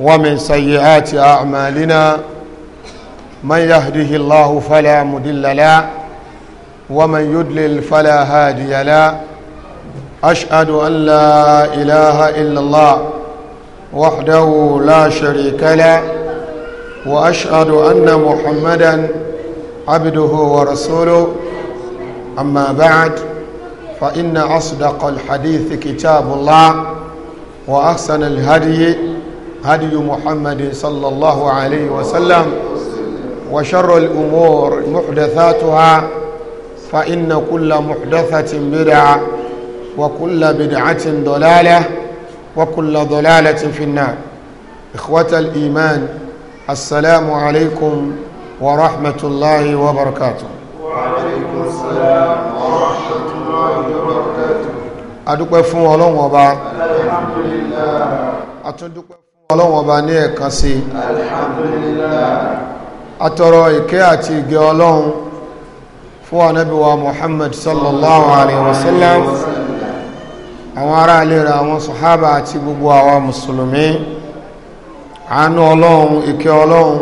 ومن سيئات أعمالنا من يهده الله فلا مدل له ومن يدلل فلا هادي له أشهد أن لا إله إلا الله وحده لا شريك له وأشهد أن محمدا عبده ورسوله أما بعد فإن أصدق الحديث كتاب الله وأحسن الهدي هدي محمد صلى الله عليه وسلم وشر الأمور محدثاتها فإن كل محدثة بدعة وكل بدعة ضلالة وكل ضلالة في النار إخوة الإيمان السلام عليكم ورحمة الله وبركاته وعليكم السلام ورحمة الله وبركاته أدوك فون ولون وبا الحمد لله أتدوك ọlọ́run ọba ní ẹ̀kan sí alhamdulillah atọrọ ìkẹ́ àti ìgẹ́ ọlọ́run fún anábíwa Muhammad sallallahu alaihi wasallam àwọn ará ilera àwọn sọ̀hábà àti gbogbo àwa mùsùlùmí àánú ọlọ́run ìkẹ́ ọlọ́run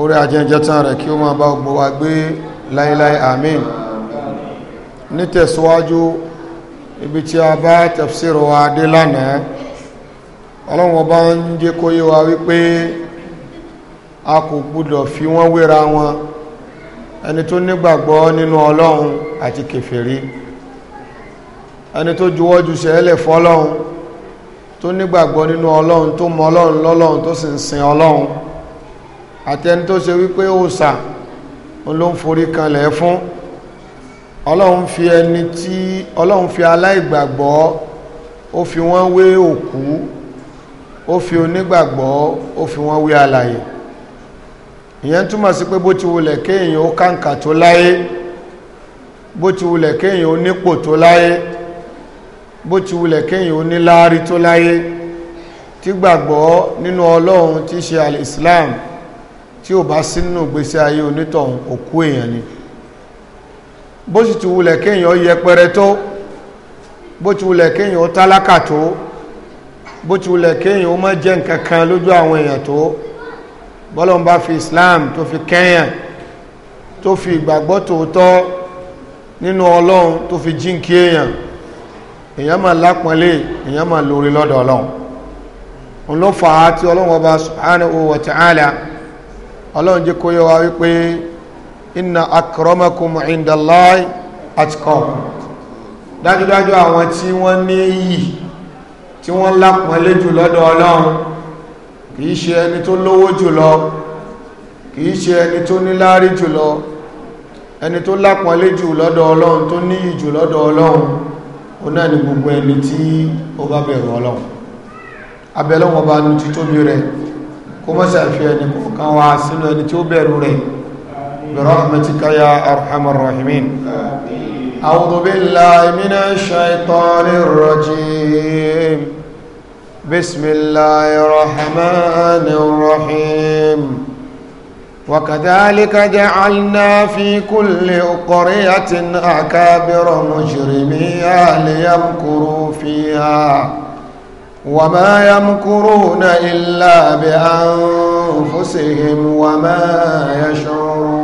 orí ajẹ́jẹta rẹ̀ kí ó máa bá gbogbo wa gbé láíláí àmín nítẹ̀síwájú ibi tí a bá tafsir wa dé lánàá ọlọ́run ọba ń jẹ́ kó yé wa wípé a kò gbúdọ̀ fi wọ́n wéra wọn ẹni tó nígbàgbọ́ nínú ọlọ́run àti kèfèrí ẹni tó juwọ́jú sẹ́ẹ̀lẹ̀ fọ́lọ́run tó nígbàgbọ́ nínú ọlọ́run tó mọ ọlọ́run lọ́lọ́run tó sì ń sin ọlọ́run àti ẹni tó ṣe wípé òòṣà ló ń forí kanlẹ̀ fún ọlọ́run fi ẹni tí ọlọ́run fi aláìgbàgbọ́ ó fi wọ́n wé òkú ó fi onígbàgbọ́ ó fi wọ́n wé alàyè ìyẹn túmọ̀ sí pé bó ti wulẹ̀ kéèyàn ó kàǹkà tó láyé bó ti wulẹ̀ kéèyàn ó nípò tó láyé bó ti wulẹ̀ kéèyàn ó níláárí tó láyé tí gbàgbọ́ nínú ọlọ́run tí ṣe al-islam tí ò bá sínú gbèsè ayé onítọ̀hún òkú èèyàn ni bó sì ti wulẹ̀ kéèyàn ó yẹpẹrẹ tó bó ti wulẹ̀ kéèyàn ó tálákà tó bó ti wulẹ̀ kéèyàn ó má jẹ́ nǹkan kan lójú àwọn èèyàn tó fi Islam tó fi kẹ́yàn tó fi ìgbàgbọ́ tòótọ́ nínú Ọlọ́run tó fi jíǹkí èèyàn èèyàn máa lápọ́nlé èèyàn máa lórí lọ́dọ̀ Ọlọ́run òun ló fà á tí Ọlọ́run ọba subhanahu wa ta'ala Ọlọ́run jẹ́ kó yé wa wípé inna akramakum indallahi atqakum dájúdájú àwọn tí wọ́n ní tí wọ́n lápọ̀nlé jù lọ́dọ̀ ọlọ́run kìí ṣe ẹni tó lówó jùlọ kìí ṣe ẹni tó níláárí jùlọ ẹni tó lápọ̀nlé jù lọ́dọ̀ ọlọ́run tó níyì jù lọ́dọ̀ ọlọ́run ó náà ni gbogbo ẹni tí ó bá bẹ̀rù ọlọ́run abẹ́lọ́wọ́n bá أعوذ بالله من الشيطان الرجيم بسم الله الرحمن الرحيم وكذلك جعلنا في كل قرية أكابر مجرميها ليمكروا فيها وما يمكرون إلا بأنفسهم وما يشعرون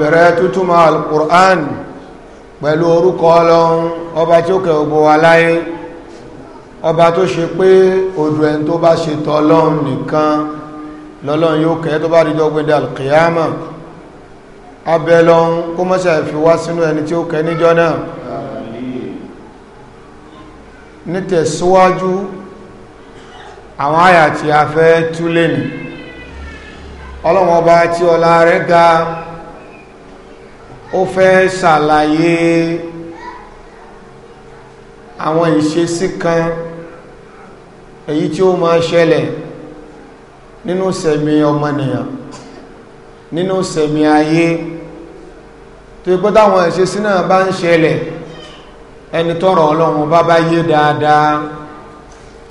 bẹ̀rẹ̀ tútúmọ̀ al-Qur'an pẹ̀lú orúkọ ọlọ́run ọba tí ó kẹ́ gbogbo wa láyé ọba tó ṣe pé odò ẹni tó bá ṣe tọ́ ọlọ́run nìkan lọ́lọ́run yóò kẹ́ tó bá rí dọ́gbẹ́dẹ́ al-qiyama abẹ́lọ́run kó mọ́ṣẹ́ fi wá sínú ẹni tí ó kẹ́ níjọ́ náà nítẹ̀síwájú àwọn àyà tí túlé ni ọlọ́run ọba tí ọlá rẹ̀ ga ó fẹ́ ṣàlàyé àwọn ìṣesí kan èyí tí ó máa ṣẹlẹ̀ nínú sẹ̀mí ọmọnìyàn nínú sẹ̀mí ayé tó ipọ́ táwọn ìṣesí náà bá ń ṣẹlẹ̀ ẹni tọ́rọ̀ ọlọ́run bá bá yé dáadáa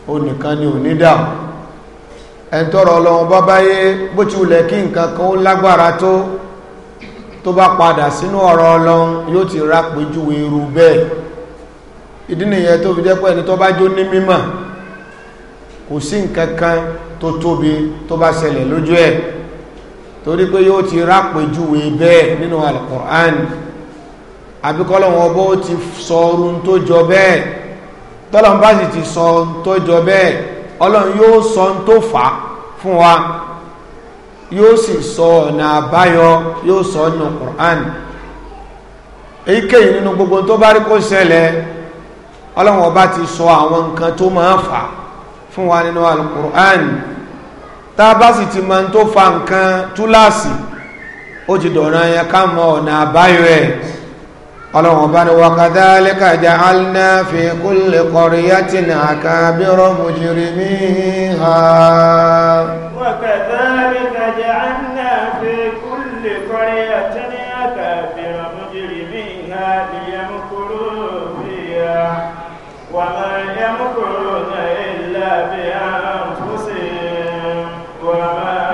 ó nìkan ni ò ní dàmú ẹni tọ́rọ̀ ọlọ́run bá bá yé bó ti wùlẹ̀ kí nǹkan kan ó lágbára tó tó bá padà sínú ọ̀rọ̀ ọlọ́run yóò ti rá péjúwe irú bẹ́ẹ̀ ìdí nìyẹn tó fi jẹ́ pé ẹni tó bá jó ní mímọ̀ kò sí nǹkan kan tó tóbi tó bá ṣẹlẹ̀ lójú ẹ̀ torí pé yóò ti rápèjúwe bẹ́ẹ̀ nínú alukur'an àbíkọ́lọ́wọ́n bó ti sọ̀rọ̀ tó jọ bẹ́ẹ̀ tọ́lọ́n bá sì ti sọ tó jọ bẹ́ẹ̀ ọlọ́run yóò sọ tó fà fún wa yóò sì sọ ọ̀nà àbáyọ yóò sọ ọ̀nà Qur'an èyíkéyìí nínú gbogbo tó bá rí kó ṣẹlẹ̀ ọlọ́run ti sọ àwọn nǹkan tó máa fà fún wa nínú tá bá sì ti máa tó fa nǹkan túláàsì ó ti dọ̀ràn yẹn ká mọ ọ̀nà àbáyọ ẹ̀ fi وجعلنا في كل قرية أكابر مجرميها ليمكروا فيها وما يمكرون إلا بأنفسهم وما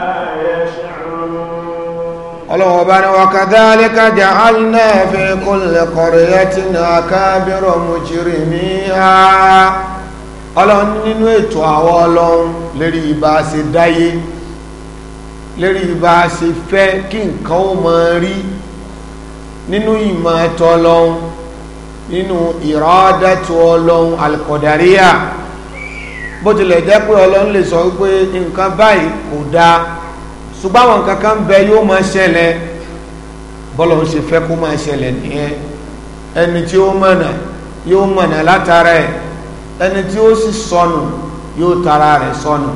ọlọ́run ọba ni wa kadhalika ja'alna fi kulli qaryatin akabira mujrimiha ọlọ́run nínú ètò àwọn ọlọ́run lérí ìbá ṣe dáyé lérí bá a ṣe fẹ́ kí nǹkan ó máa rí nínú ìmọ̀ ẹ̀tọ́ ọlọ́run nínú ìrádàtú ọlọ́run alkọ̀dáríà bó tilẹ̀ jẹ́ pé ọlọ́run lè sọ pé nǹkan báyìí kò dáa ṣùgbọ́n àwọn nǹkan kan bẹ yóò máa ṣẹlẹ̀ bọ́lọ̀ ń ṣe fẹ́ kó máa ṣẹlẹ̀ nìyẹn ẹni tí ó mọ̀nà yóò mọ̀nà látara ẹ̀ ẹni tí ó sì sọnù yóò tara rẹ̀ sọnù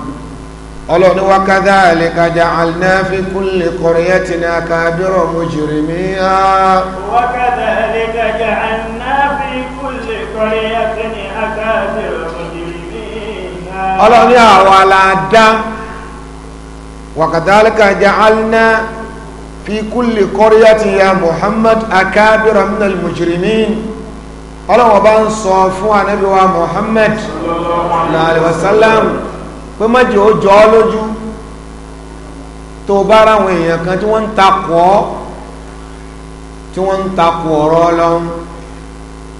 ọlọ́ni wa kadhalika ja'alna fi kulli qaryatina kabira mujrimiha wa kadhalika ja'alna fi kulli qaryatina kabira mujrimiha ọlọ́ni àwọn aláàdá wa kadhalika ja'alna fi kulli qaryatin ya Muhammad akabira minal mujrimin ọlọ́wọ́ bá ń sọ fún anábíwá Muhammad sallallahu alaihi wasallam pé mọ́jì ó jọ ọ́ lójú tó bá ráwọn èèyàn kan tí wọ́n ń ọrọ ọ́ tí wọ́n ń takọ̀ ọ̀rọ̀ ọlọ́run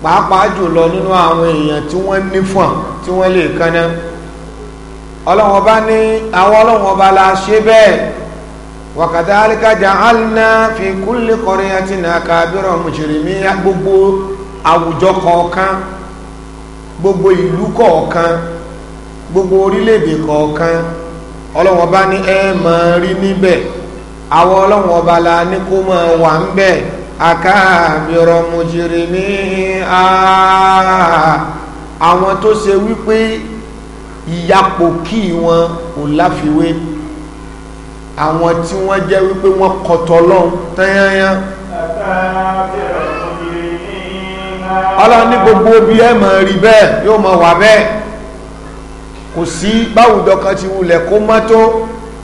pàápàá jùlọ nínú àwọn èèyàn tí wọ́n nífọ̀n tí wọ́n lè kanná ọlọ́run ọba ní àwọn ọlọ́run ọba la ṣe bẹ́ẹ̀ wa fi gbogbo àwùjọ kọ̀ọ̀kan gbogbo ìlú kọ̀ọ̀kan gbogbo orílẹ̀-èdè kọ̀ọ̀kan ọlọ́run ọba ní ẹ máa rí níbẹ̀ àwọn ọlọ́run ọba la ní kó máa wà ń bẹ̀ akáàbìrọ̀ mùjìrìmí àwọn tó ṣe wípé ìyapò kí wọn kò láfiwé àwọn tí wọ́n jẹ́ wípé wọ́n kọ̀tọ̀ lọ́hùn tẹ́yányán ọlọ́run gbogbo bí ẹ máa rí bẹ́ẹ̀ yóò máa wà bẹ́ẹ̀ kò sí báwùjọ kan ti wulẹ̀ kó má tó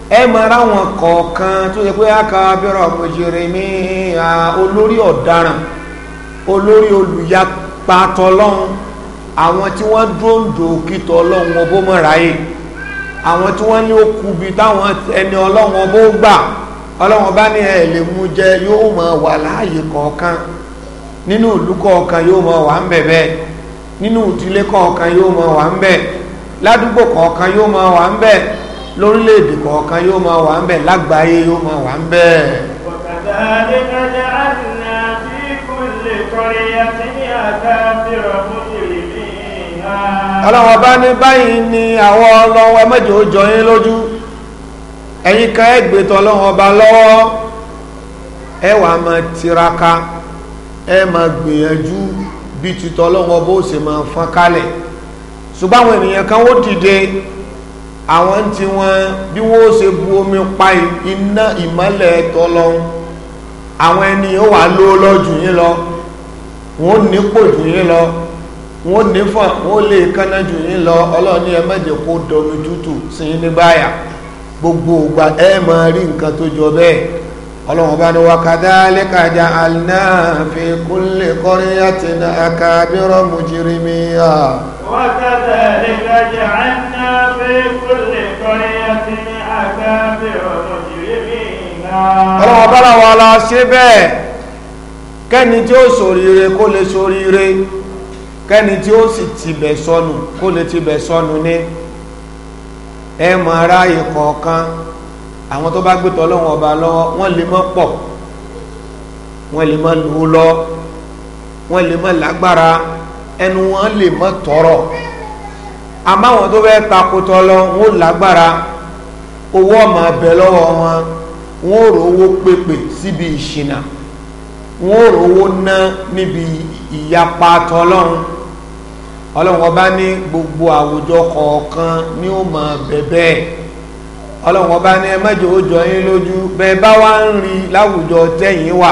ẹ máa ráwọn kọ̀ọ̀kan tó yẹ pé aka abẹ́rẹ́ ọ̀gbọ̀njẹ̀rẹ̀ a olórí ọ̀daràn olórí olùyapa tọlọ́hún àwọn tí wọ́n dóńdó kìtọ̀ ọlọ́hún ọbọ̀ àwọn tí wọ́n ní táwọn ẹni ọlọ́hún ọbọ̀ gbà wà láàyè kọ̀ọ̀kan nínú ìlú kọ̀ọ̀kan yóò wà ń ládùúgbò kọ̀ọ̀kan yóò máa wà ń bẹ̀ lórílẹ̀-èdè kọ̀ọ̀kan yóò máa wà ń bẹ̀ lágbàáyé yóò máa wà ń bẹ̀. ọlọ́wọ́n bá ní báyìí ni àwọn ọlọ́wọ́ mẹ́jọ ó jọ yín lójú ẹ̀yin kan ẹ̀ gbé tọ́lọ́wọ́n ọba lọ́wọ́ ẹ wà máa tiraka ẹ máa gbìyànjú bí tutọ́ bó ṣe ṣùgbọ́n àwọn ènìyàn kan ó dìde àwọn tí wọ́n bí wọ́n ó ṣe bu omi pa iná ìmọ́lẹ̀ lọ àwọn ẹni ó wà ló lọ́jù yín lọ wọ́n ní pò lọ wọ́n ní fà wọ́n lè kánná jù lọ ọlọ́ọ̀ni ẹ kó tútù ní báyà gbogbo ògbà máa rí jọ bẹ́ẹ̀ ọlọ́run bá ní wa kadhalika ja'alna fi kulli qaryatin akabira mujrimiha. wa kadhalika ja'alna fi kulli qaryatin akabira mujrimiha. ọlọ́run bá làwọn aláṣẹ bẹ́ẹ̀ kẹ́ni tí ó ṣoríire kó lè ṣoríire kẹ́ni tí ó sì tibẹ̀ sọnù kó lè tibẹ̀ sọnù ní ẹ̀ mọ̀ àwọn tó bá gbé tọ́lọ́wọ́n ọba lọ́wọ́ wọ́n lè mọ́ pọ̀ wọ́n lè mọ́ lu lọ wọ́n lè mọ́ lágbára ẹnu wọn lè mọ́ tọrọ àmọ́ àwọn tó fẹ́ takò tọ́lọ́ wọ́n lágbára owó ọmọ abẹ lọ́wọ́ wọn wọ́n rówó pépè síbi ìṣìnà wọ́n rówó ná níbi ìyapa tọ́lọ́run ọlọ́run ọba ní gbogbo àwùjọ kọ̀ọ̀kan ni ó mọ̀ bẹ́ẹ̀ bẹ́ẹ̀ ọlọ́run ọba ní ẹ mẹ́jọ ó jọ yín lójú bẹ́ẹ̀ bá wá ń rí láwùjọ tẹ̀yìn wà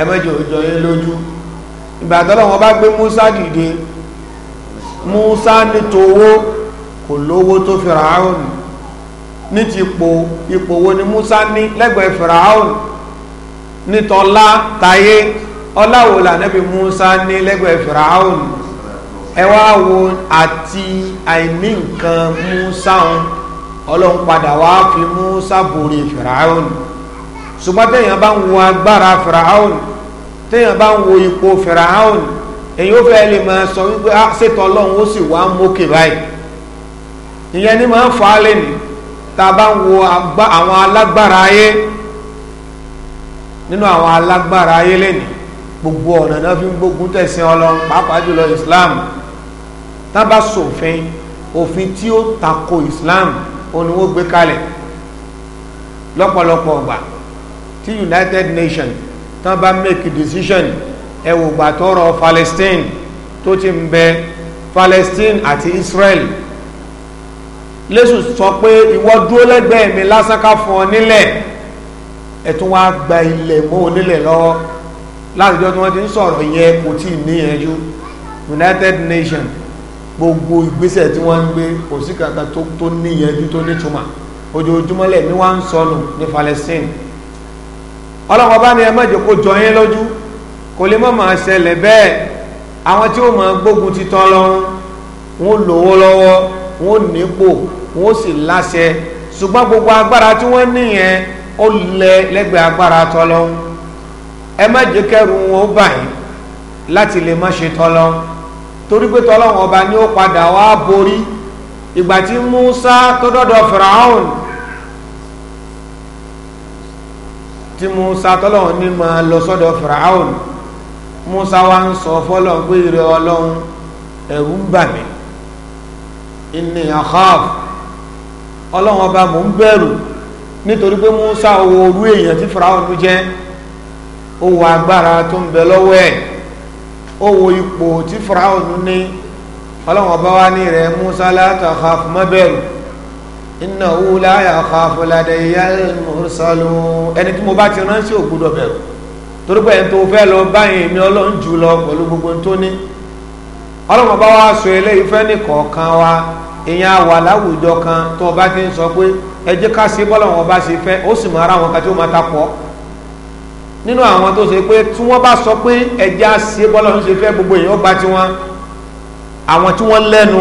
ẹ mẹ́jọ ó jọ yín lójú ìgbà tọ́lọ́run ọba gbé Musa dìde Musa ní towó kò lówó tó Fìràáhùn ní ti ipò ipò wo ni Musa ní lẹ́gbẹ̀ẹ́ Fìràáhùn ní tọ́lá tayé ọláwò lànàbí Musa ní lẹ́gbẹ̀ẹ́ Fìràáhùn ẹ wá wo àti àìní nǹkan Musa ọ̀hún ọlọ́run padà wá fi Musa borí fìràhùn ṣùgbọ́n téèyàn bá ń wo agbára fìràhùn téèyàn bá ń wo ipò fìràhùn èyí ó fẹ́ lè máa sọ wípé á ah, ṣètò ọlọ́run ó sì wá mókè báyìí ìyẹn ni máa ń fà á lẹ́nu tá a bá ń wo àwọn alágbára ayé nínú àwọn alágbára ayé lẹ́nu gbogbo ọ̀nà náà fi ń gbógun tẹ̀sìn ọlọ́run pàápàá jùlọ Islam tá a bá ṣòfin òfin tí ó tako Islam oníwó gbé kalẹ̀ lọ́pọ̀lọpọ̀ ọgbà tí United Nations tán bá make decision ẹ̀wò gbà tọrọ Palestine tó ti ń bẹ Palestine àti Israel lẹ́sùn sọ pé ìwọ dúró lẹ́gbẹ̀ẹ́ mi lásán ká fún ọ nílẹ̀ ẹ̀tún wá gba ilẹ̀ mọ́ onílẹ̀ lọ́wọ́ látijọ́ tí wọ́n ti ń sọ̀rọ̀ yẹ kò tí ì níyànjú United Nations gbogbo ìgbésẹ̀ tí wọ́n ń gbé kò sí kankan tó níyẹjú tó nítumọ̀ ojoojúmọ́ lẹ̀ ní wọ́n ń sọnù ní Palestine ọlọ́wọ́n bá ní ẹ má jẹ́ kó jọ yín lójú kò lè má máa ṣẹlẹ̀ bẹ́ẹ̀ àwọn tí ó máa gbógun ti tán lọ́rùn wọn lówó lọ́wọ́ wọn nípò wọn sì láṣẹ ṣùgbọ́n gbogbo agbára tí wọ́n níyẹn ó lẹ lẹ́gbẹ̀ẹ́ agbára tọ́lọ́run ẹ má jẹ́ wọn ó bà láti lè má ṣe tọ́lọ́run torí pé tọ́lọ́wọ́n ọba ni ó padà wá borí ìgbà tí Musa tó dọ́dọ̀ Firaun tí Musa tọ́lọ́wọ́n ní máa lọ sọ́dọ̀ Firaun Musa wa ń sọ fọ́lọ́n pé ìrẹ ọlọ́run ẹ̀rù ń bà mí inni akhaf ọlọ́run ọba mò ń bẹ̀rù nítorí pé Musa wo orú èèyàn tí Firaun jẹ́ ó wọ agbára tó ń bẹ lọ́wọ́ ẹ̀ ó wo ipò tí faraon ní ọlọ́run ọba wa ní rẹ̀ musa látà khaf má bẹ̀rù innahu la yakhafu ladayya al-mursalu ẹni tí mo bá ti ránṣẹ́ ò gbọ́dọ̀ bẹ̀rù torí pé ẹni tó fẹ́ lọ báyìí èmi ọlọ́run jù lọ pẹ̀lú gbogbo tó ní ọlọ́run ọba wa sọ eléyìí fẹ́ nìkọ̀ọ̀kan wa èèyàn àwà láwùjọ kan tó ọba ti ń sọ pé ẹ ká sí bọ́lọ́run ọba ṣe fẹ́ ó sì mọ ara wọn kan tí ó máa ta pọ̀ ọ́ nínú àwọn tó ṣe pé tí wọ́n bá sọ pé ẹja ṣe bọ́lá ń ṣe fẹ́ gbogbo èèyàn gba tiwọn àwọn tí wọ́n lẹ́nu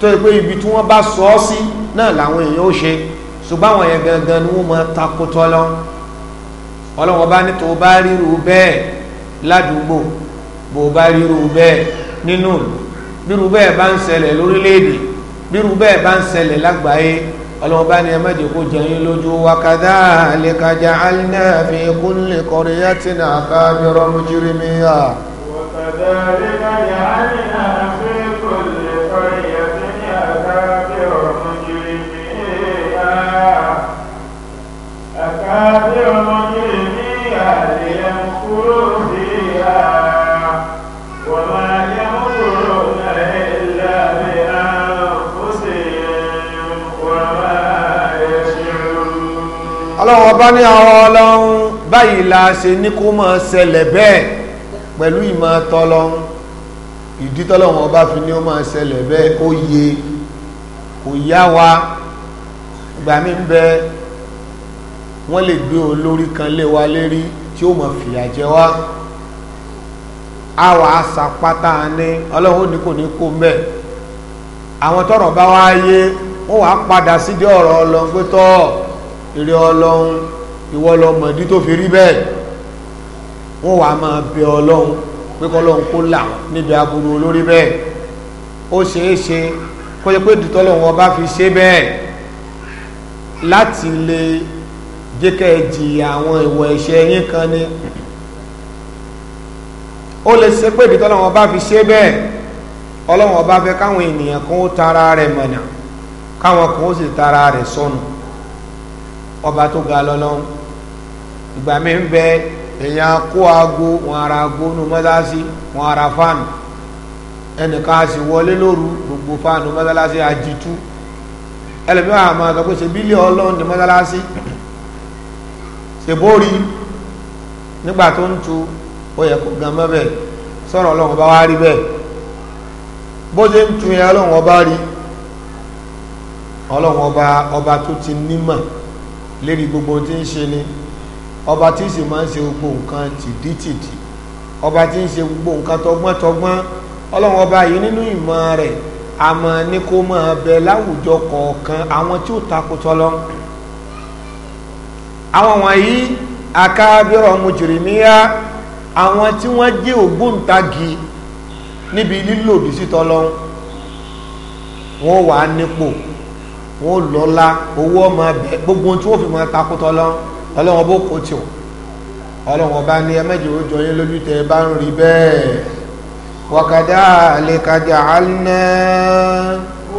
tó ṣe pé ibi tí wọ́n bá sọ ọ́ sí náà làwọn èèyàn ó ṣe ṣùgbọ́n àwọn yẹn gangan ni wọ́n mọ takotọ́ lọ ọlọ́wọ́n bá ní tó bá ríru bẹ́ẹ̀ ládùúgbò bó bá ríru bẹ́ẹ̀ nínú bírú bẹ́ẹ̀ bá ń ṣẹlẹ̀ lórílẹ̀‐èdè bírú bẹ́ẹ̀ bá ń ṣẹlẹ̀ lágbàáyé ọlọ́run bá ní ẹ má jẹ́ kó jẹ yín lójú wa kadhalika ja'alna fi kulli qaryatin akabira mujrimiha. wa kadhalika ja'alna fi kulli qaryatin akabira mujrimiha akabira mujrimiha. ọlọ́run ọba ní àwọn ọlọ́run báyìí la ṣe ní kó mọ̀ ṣẹlẹ̀ bẹ́ẹ̀ pẹ̀lú ìmọ̀ tọlọ́run ìdí tọ́lọ́run ọba fi ní ó mọ̀ ṣẹlẹ̀ bẹ́ẹ̀ ó yẹ kò yá wa ìgbà mi ń bẹ wọ́n lè gbé olórí kan lé wa lérí tí ó mọ̀ fìyà jẹ wá a wà á sàpátá ní ọlọ́run ní kò ní kó mbẹ́ àwọn tọ́rọ̀ bá wá yé wọ́n wà á padà sídìí ọ̀rọ̀ ọlọ́ngbẹ́tọ́ eré ọlọ́run ìwọ lọmọ ìdí tó fi rí bẹ́ẹ̀ wọ́n wàá máa bẹ ọlọ́run pé kọ́lọ́run kó là níbi aburú olórí bẹ́ẹ̀ ó ṣeé ṣe kó yẹ pé dùtọ́lọ́run ọba fi ṣe bẹ́ẹ̀ láti lè jẹ́ kẹ́ ẹ jìyà àwọn ìwọ̀ ẹ̀ṣẹ̀ yín kan ni ó lè ṣe pé dùtọ́lọ́run ọba fi ṣe bẹ́ẹ̀ ọlọ́run ọba fẹ́ káwọn ènìyàn kan ó tara rẹ̀ mọ̀nà káwọn kan ó sì tara rẹ̀ sọnù. So ọba tó ga lọ́lọ́run ìgbà mi ń bẹ èèyàn kó aago wọn ara aago nu mọ́sálásí wọn ara fáànù ẹnìkan a sì wọlé lóru gbogbo fáànù mọ́sálásí àjìtú ẹlẹ́mìíràn àmọ́ àtọ́kùn ṣe bílíọ̀ ọlọ́run ní mọ́sálásí ṣèbórí nígbà tó ń tu ó yẹ kó gan mọ́bẹ̀ sọ̀rọ̀ ọlọ́run ọba wá rí bẹ́ẹ̀ bó ṣe ń tu yẹn ọlọ́run ọba rí ọlọ́run ọba ọba tó ti nímọ̀ lérí gbogbo tí ń ṣe ni ọba tí ń ṣe máa ń ṣe gbogbo nǹkan tìdítìdì ọba tí ń ṣe gbogbo nǹkan tọgbọ́n tọgbọ́n ọlọ́run ọba yìí nínú ìmọ̀ rẹ̀ àmọ́ ní kó máa bẹ láwùjọ kọ̀ọ̀kan àwọn tí ó takò tọ́lọ́ àwọn wọ̀nyí akábírọ̀ mùjìrìmíyá àwọn tí wọ́n jẹ́ ògbóǹtagì níbi lílòdì sí tọ́lọ́ wọn wà nípò wọn ò lọ́la owó ọmọ abẹ gbogbo tí wọ́n fi máa takótọ́ lọ ọlọ́wọ́n bó kó tiwọn ọlọ́wọ́n bá ní ẹmẹ́jì ó jọyín lójú tẹ bá ń rí bẹ́ẹ̀ wàkàdá àlekàjà àlùnà.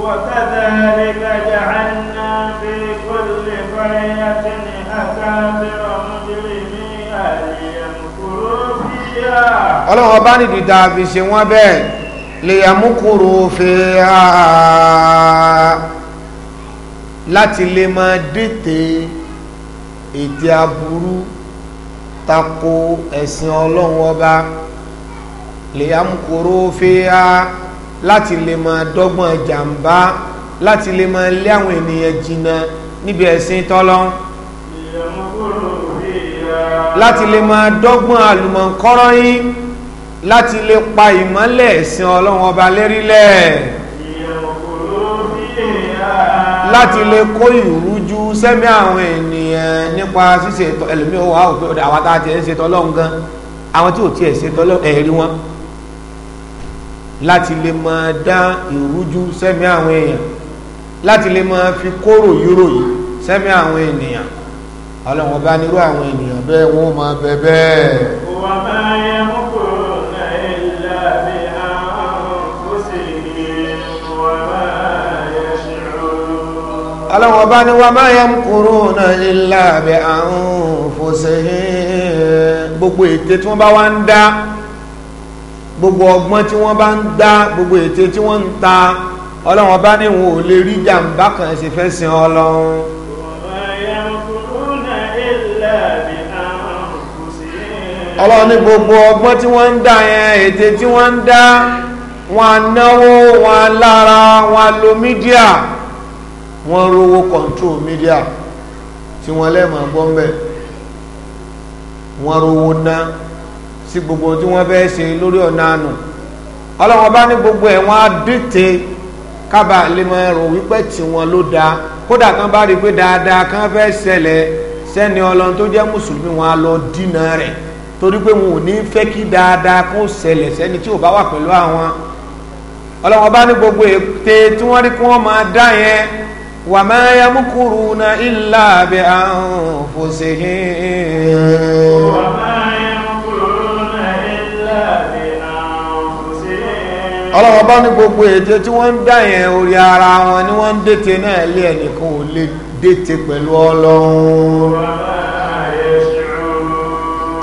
wàkàdá àlekàjà àlùnà fi kólé fáyà tí ní àkàbẹ̀rọ̀ mọ́júlé ní àlèyàmùkúrò fíyà. ọlọ́wọ́n bá nìdí tá fi ṣe wọ́n bẹ́ẹ̀ lèyàmùkúrò fíyà láti lè máa dètè ètè aburú tako ẹ̀sìn ọlọ́run ọba lè amukoro fẹ́ẹ́ láti lè máa dọ́gbọ́n jàǹbá láti lè máa lé àwọn ènìyàn jìnnà níbi ẹ̀sìn tọ́lọ́n láti lè máa dọ́gbọ́n àlùmọ̀ǹkọ́rọ́ yín láti lè pa ìmọ́lẹ̀ ẹ̀sìn ọlọ́run ọba lérílẹ̀ láti lè kó ìrújú sẹ́mi àwọn ènìyàn nípa ṣíṣe ẹlòmí ó wà òpin ọ̀dà àwọn àti ẹ̀ ń ṣetọ́ lọ́hùn gan àwọn tí ò tiẹ̀ ṣetọ́ lọ́hùn ẹ̀rí wọn láti lè máa dá ìrújú sẹ́mi àwọn èèyàn láti lè máa fi kóró yúrò yìí sẹ́mi àwọn ènìyàn ọlọ́run ọba nírú àwọn ènìyàn bẹ́ẹ̀ wọ́n máa bẹ bẹ́ẹ̀. ọlọ́wọ́n bá ní wọ́n máa yẹ ń kúrò náà lílá àbẹ̀ àrùn fòṣe gbogbo ète tí wọ́n bá wá ń dá gbogbo ọgbọ́n tí wọ́n bá ń dá gbogbo ète tí wọ́n ń ta ọlọ́wọ́n bá ní wọn ò lè rí jàǹbá kan ṣe fẹ́ sin ọlọ́run. ọlọ́run ní gbogbo ọgbọ́n tí wọ́n ń dá yẹn ète tí wọ́n ń dá wọn náwó wọn lára wọn lo mídíà. wọ́n rówó control media tí wọ́n lẹ́mọ̀ gbọ́mbẹ̀ wọ́n rówó ná sí gbogbo tí wọ́n fẹ́ ṣe lórí ọ̀nà ànà ọlọ́wọ́n bá ní gbogbo ẹ̀ wọ́n á dìte kábà lè mọ wípé tí wọ́n ló dáa kódà kan bá rí i pé dáadáa kan fẹ́ ṣẹlẹ̀ sẹ́ni ọlọ́run tó jẹ́ mùsùlùmí wọn á lọ dínà rẹ̀ torí pé wọn ò ní fẹ́ kí dáadáa kó ṣẹlẹ̀ sẹ́ni tí ò bá wà pẹ̀lú àwọn ọlọ́wọ́n bá ní gbogbo ète tí wọ́n rí kí wọ́n máa dá yẹn وما يمكرون إلا illa bi anfusihim. wà má yamkuruna illa bi anfusihim. ọlọ́wọ́ bá ní gbogbo ète tí wọ́n ń dá yẹn orí ara wọn ni wọ́n ń dètè náà lé ẹnìkan ò lè dètè pẹ̀lú ọlọ́run.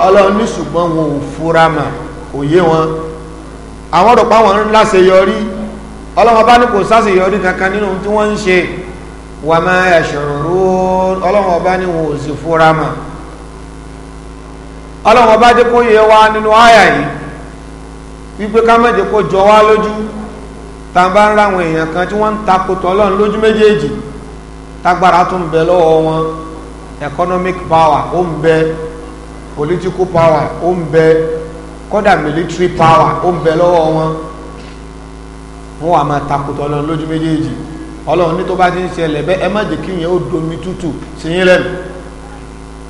ọlọ́run ní ṣùgbọ́n wọn ò fura mà kò yé wọn àwọn ọ̀dọ̀pá wọn ńlá ṣe yọrí bá ní kò sáṣe kankan nínú tí wọ́n ń ṣe wà má yash'urun ọlọ́run ọba ni wọn ò sì fura mọ́ ọlọ́run ọba jẹ́ kó yẹ wá nínú àyà yìí wípé ká má jẹ́ kó jọ wá lójú tá a bá ń ráwọn èèyàn kan tí wọ́n ń takòtò ọlọ́run lójú méjèèjì tágbára tún bẹ lọ́wọ́ wọn economic power ó ń bẹ political power ó ń bẹ kódà military power ó ń bẹ lọ́wọ́ wọn wọ́n wà máa takòtò ọlọ́run lójú méjèèjì ọlọ́run ní tó bá ti ń ṣẹlẹ̀ bẹ́ẹ̀ ẹ má jẹ́ kí yẹn ó domi tútù sí yín lẹ́nu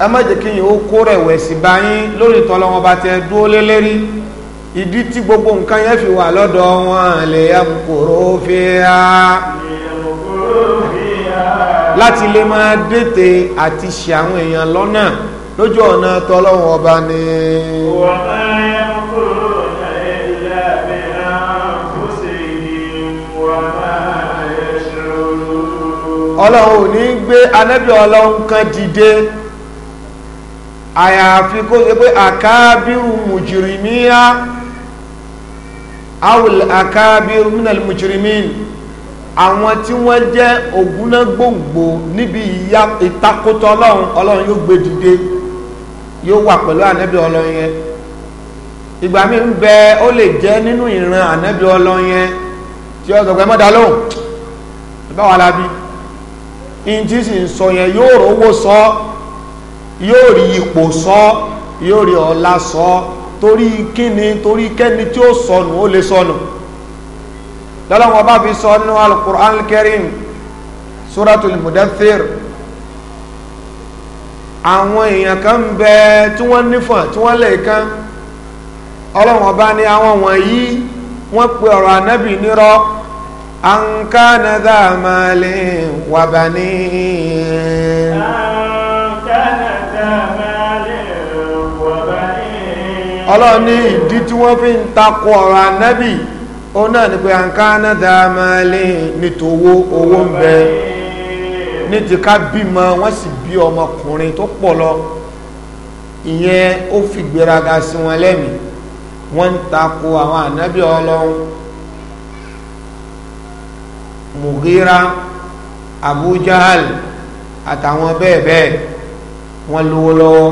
ẹ má jẹ́ kí yẹn ó kó rẹ̀wẹ̀sì bá yín lórí tọ́lọ́wọ́n bá tẹ dúró lé lérí ìdí tí gbogbo nǹkan yẹn fi wà lọ́dọ̀ wọn lè yamkuru fiha láti lè máa dètè àti ṣe àwọn èèyàn lọ́nà lójú ọ̀nà tọ́lọ́wọ́n ọba ni. wọ́n ọlọ́run ò ní gbé anábì ọlọ́run kan dìde àyàfi kó ṣe pé àkábírù mùjìrìmíà awul àkábírù minal mùjìrìmín àwọn tí wọ́n jẹ́ ògúnná gbòǹgbò níbi ìyá ìtakótọ́ ọlọ́run ọlọ́run yóò gbé dìde yóò wà pẹ̀lú ànábì ọlọ́run yẹn mi ń bẹ ó lè jẹ́ nínú ìran ọlọ́run yẹn tí ìjí sì ń sọ yẹn yóò rówó sọ yóò rí ipò sọ yóò rí ọlá sọ torí kíni torí kẹ́ni tí ó sọnù ó lè sọnù lọ́lọ́wọ́ bá sọ nínú al-Qur'an al-Karim àwọn èèyàn kan bẹ tí wọ́n nífọ̀n tí wọ́n lè kán ọlọ́wọ́n bá ní àwọn wọ̀nyí wọ́n ọ̀rọ̀ an kana dha malin wa banin an ìdí tí wọ́n fi ń takò ọ̀rọ̀ ànábì ó náà ni pé an kana dha malin nítòwó owó ń bẹ ní ti ká bímọ wọ́n sì bí ọmọkùnrin tó pọ̀ lọ ìyẹn ó fi gbéraga sí wọn lẹ́mìí wọ́n ń takò àwọn ànábì ọlọ́run Mughira Abu Jahal àtàwọn bẹ́ẹ̀ bẹ́ẹ̀ wọ́n lówó lọ́wọ́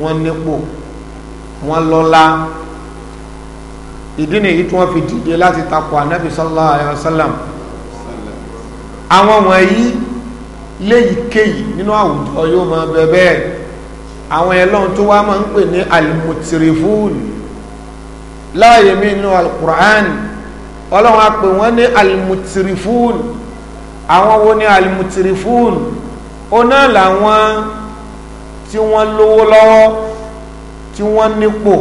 wọ́n nípò wọ́n lọ́lá ìdí nìyí tí wọ́n fi dìde láti takò ànábì sallallahu alayhi wa sallam àwọn wọ̀nyí léyìíkéyìí nínú àwùjọ yóò máa bẹ bẹ́ẹ̀ àwọn ẹlọ́run tó wá máa ń pè ní alimutirifúùlù láàyè mí nínú alukur'an ọlọ́run á pè wọ́n ní alimutirifun àwọn wo ni alimutirifun oná làwọn tí wọ́n lówó lọ́wọ́ tí wọ́n nípò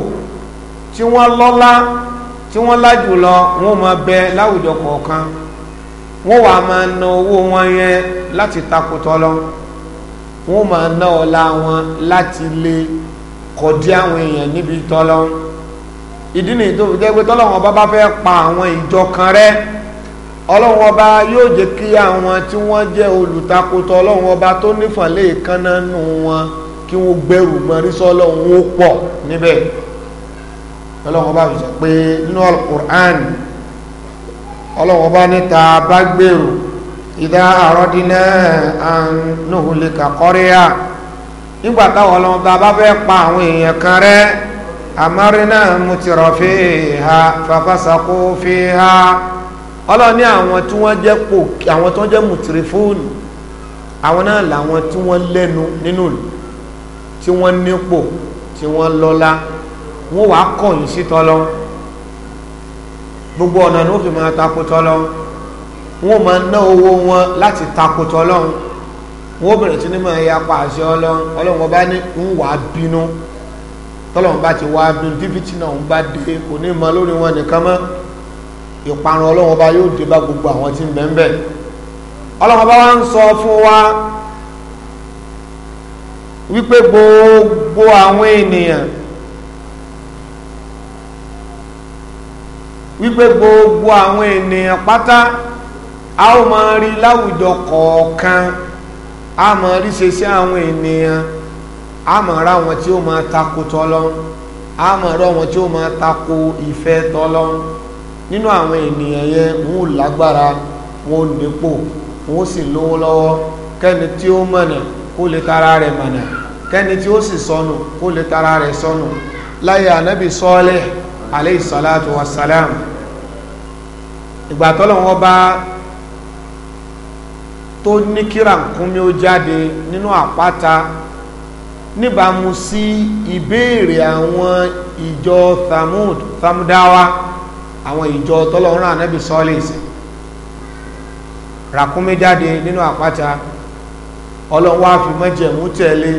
tí wọ́n lọ́lá tí wọ́n lájù lọ wọ́n máa bẹ láwùjọ kọ̀ọ̀kan wọ́n wàá máa na owó wọn yẹn láti takòtọ́ lọ wọ́n máa ná ọlá wọn láti lè kọ̀dí àwọn èèyàn níbi tọ́lọ́run ìdí nìyí tó fi jẹ́ pé tọ́lọ́wọ́n ọba bá fẹ́ pa àwọn ìjọ kan rẹ́ ọlọ́wọ́n ọba yóò jẹ́ kí àwọn tí wọ́n jẹ́ olùtakotọ ọlọ́wọ́n ọba tó nífàlẹ́ ìkànnà nù wọn kí wọ́n gbẹrù mọ́rí sọ́lọ́wọ́n ó pọ̀ níbẹ̀ ọlọ́wọ́n ọba fi sọ pé nínú alukur'an ọlọ́wọ́n ọba níta bá gbèrò ìdá àrọ́dínà ànúhùlẹ̀kà kọ́ríà nígbà táwọn ọlọ́wọ́n ọba bá fẹ́ pa àwọn èèyàn kan rẹ́ amarina mutiro fiha fafasaku fiha ọlọ́run ní àwọn tí wọ́n jẹ́ pò àwọn tí wọ́n jẹ́ mutiri fóònù àwọn náà làwọn tí wọ́n lẹ́nu nínú ìlú tí wọ́n nípò tí wọ́n lọ́lá wọ́n wàá kọ̀yìn sí tọ́lọ́ gbogbo ọ̀nà ni wọ́n fi máa takò tọ́lọ́ wọ́n máa ná owó wọn láti takò tọ́lọ́ wọ́n bẹ̀rẹ̀ sí ní máa yapa àṣẹ ọlọ́run ọlọ́run ọba ní ń wàá bínú tọ́lọ́run bá ti wá dún dvt náà ń bá dé kò ní mọ lórí wọn nìkan mọ́ ìparun ọlọ́run bá yóò dé bá gbogbo àwọn tí ń bẹ ń bẹ ọlọ́run bá wá ń sọ fún wa wípé gbogbo àwọn ènìyàn wípé gbogbo àwọn ènìyàn pátá a ó máa rí láwùjọ kọ̀ọ̀kan a máa rí ṣe sí àwọn ènìyàn a máa rá wọn tí ó máa tako tọ́lọ́run tako ìfẹ́ nínú àwọn ènìyàn yẹn wọn ò lágbára wọn ò nípò wọn ò sì lówó lọ́wọ́ kẹ́ni tí ó mọ̀nà kó lè tara rẹ̀ mọ̀nà kẹ́ni tí ó sì sọnù kó lè tara rẹ̀ sọnù láyé ànábì sọ́ọ́lẹ̀ salatu wa ìgbà bá tó ní níbàámu sí ìbéèrè àwọn ìjọ thamud thamdawa àwọn ìjọ tọ́lọ́run ànábì sọ́ọ́lẹ̀sì ràkúnmí jáde nínú àpáta ọlọ́run wá fi májẹ̀mú tẹ̀lé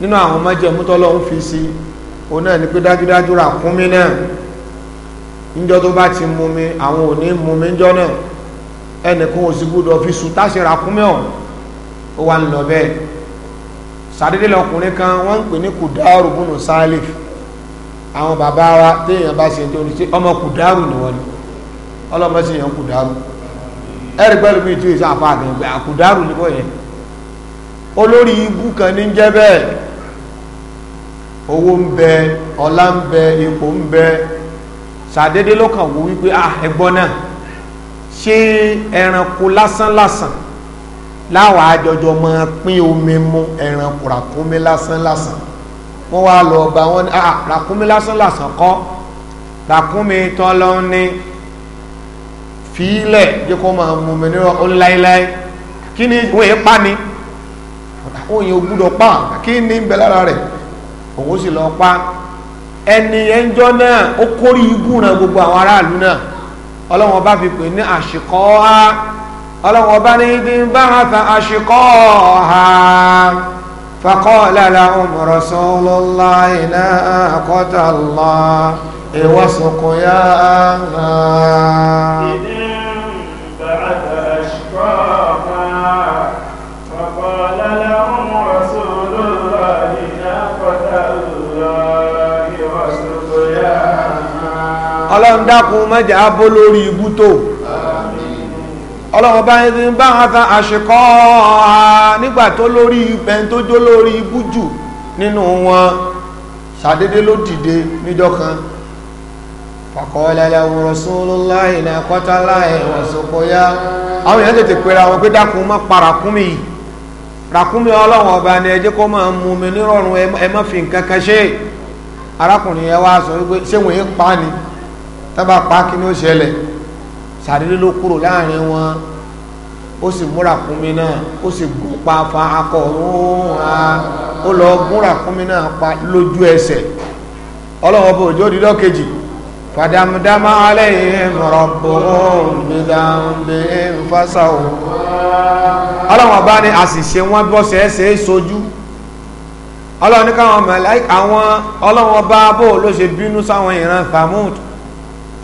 nínú àwọn májẹ̀mú tọ́lọ́run fi sí òun náà ni pé dájúdájú ràkúnmí náà níjọ́ tó bá ti mumi àwọn ò ní mumi níjọ́ náà ẹnìkan ò sì gbúdọ̀ fi sùn táṣe ràkúnmí ọ̀hún ó wà ń lọ bẹ́ẹ̀ sàdédé lọkùnrin kan wọ́n ń pè ní kùdáàrù bùnú sálíf àwọn bàbá wa téèyàn bá ṣe tó ní ṣe ọmọ kùdáàrù ni wọ́n ní ọlọ́mọ sì yàn kùdáàrù ẹ̀rí pẹ̀lú mi tún ìṣe àfa àgbẹ̀ pé àkùdáàrù ni bọ́ yẹn olórí ibú kan ní jẹ́ bẹ́ẹ̀ owó ń bẹ ọlá ń bẹ ipò ń bẹ sàdédé lọ́kàn wò wípé ah ẹ̀gbọ́n náà ṣé ẹranko lásán lásán láwọn àjọjọ máa pín omi mú ẹran ràkúnmí lásán lásán wọ́n wá lọ bá wọn ní ah ràkúnmí lásán lásán kọ́ ràkúnmí tán lọ ní fílẹ̀ jẹ́ kó máa mú mi nírọ̀ ó láíláí kí ni wọ́n yẹn pa ni òun yẹn gbúdọ̀ pa kí ni ń bẹ lára rẹ̀ òun sì lọ pa ẹni ẹjọ́ náà ó kórìí gùn náà gbogbo àwọn aráàlú náà ọlọ́wọ́n bá fi pè ní àṣekọ́ á ọlọ́run ọba ní ibi ń bá wọn fa aṣíkọ́ ha faqala lahum rasulullahi naqata Allah wa suqyaha. ìdí ń bá wọn ha. ọlọ́run dákun mẹ́jà lórí ibú ọlọ́run bá ń bá wọn fa àṣekọ́ nígbà tó lórí ibẹ̀ tó jó lórí ibú jù nínú wọn sàdédé ló dìde níjọ́ kan fàkọ́ọ́lẹ́lẹ́wọ̀n rọ̀súnlọ́lá ìnà kọ́tàlá ẹ̀wọ̀n sọkọ́yá àwọn èèyàn tètè pé dákun pa ràkúnmí yìí ràkúnmí ọba ni sàdédé ló kúrò láàrin wọn ó sì múra kúnmi náà ó sì gún pa fa akọ ó lọ gúnra kúnmi náà pa lójú ẹsẹ̀ ọlọ́wọ́ bó ojú òdìdọ́ kejì fàdámdámá aláìhìn rọ̀bùn bídàmbín fásáwò ọlọ́wọ́ bá ní àṣìṣe wọn bọ́sẹ̀ ẹsẹ̀ sojú ọlọ́wọ́ ní káwọn mẹ́láì àwọn ọlọ́wọ́ bá bó ló ṣe bínú sáwọn ìran thamud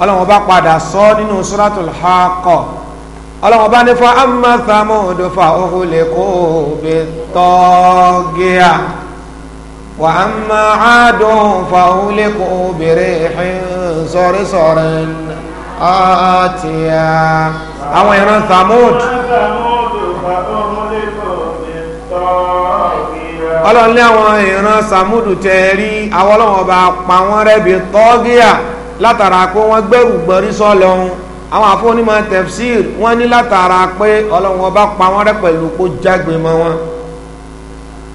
ọlọ́wọ́n bá padà sọ nínú suratul Haqqah ọlọ́wọ́n bá ní fa amma Thamud fa uhliku bit-taghiyah wa amma 'Adun fa uhliku birihin sarsarin atiyah àwọn ìran Thamud ọlọ́run ní àwọn ìran Samudu tẹ́ rí àwọn ọlọ́wọ́n bá pa wọ́n rẹ́ bi tọ́gíà látara pé wọ́n gbẹ́rù gbọ́rí sọ́ọ̀lẹ̀ ọ̀hún àwọn àfọ́nímọ̀ tafsir wọ́n ní látara pé ọlọ́run ọba pa wọ́n rẹ́ pẹ̀lú kó jágbe mọ́ wọn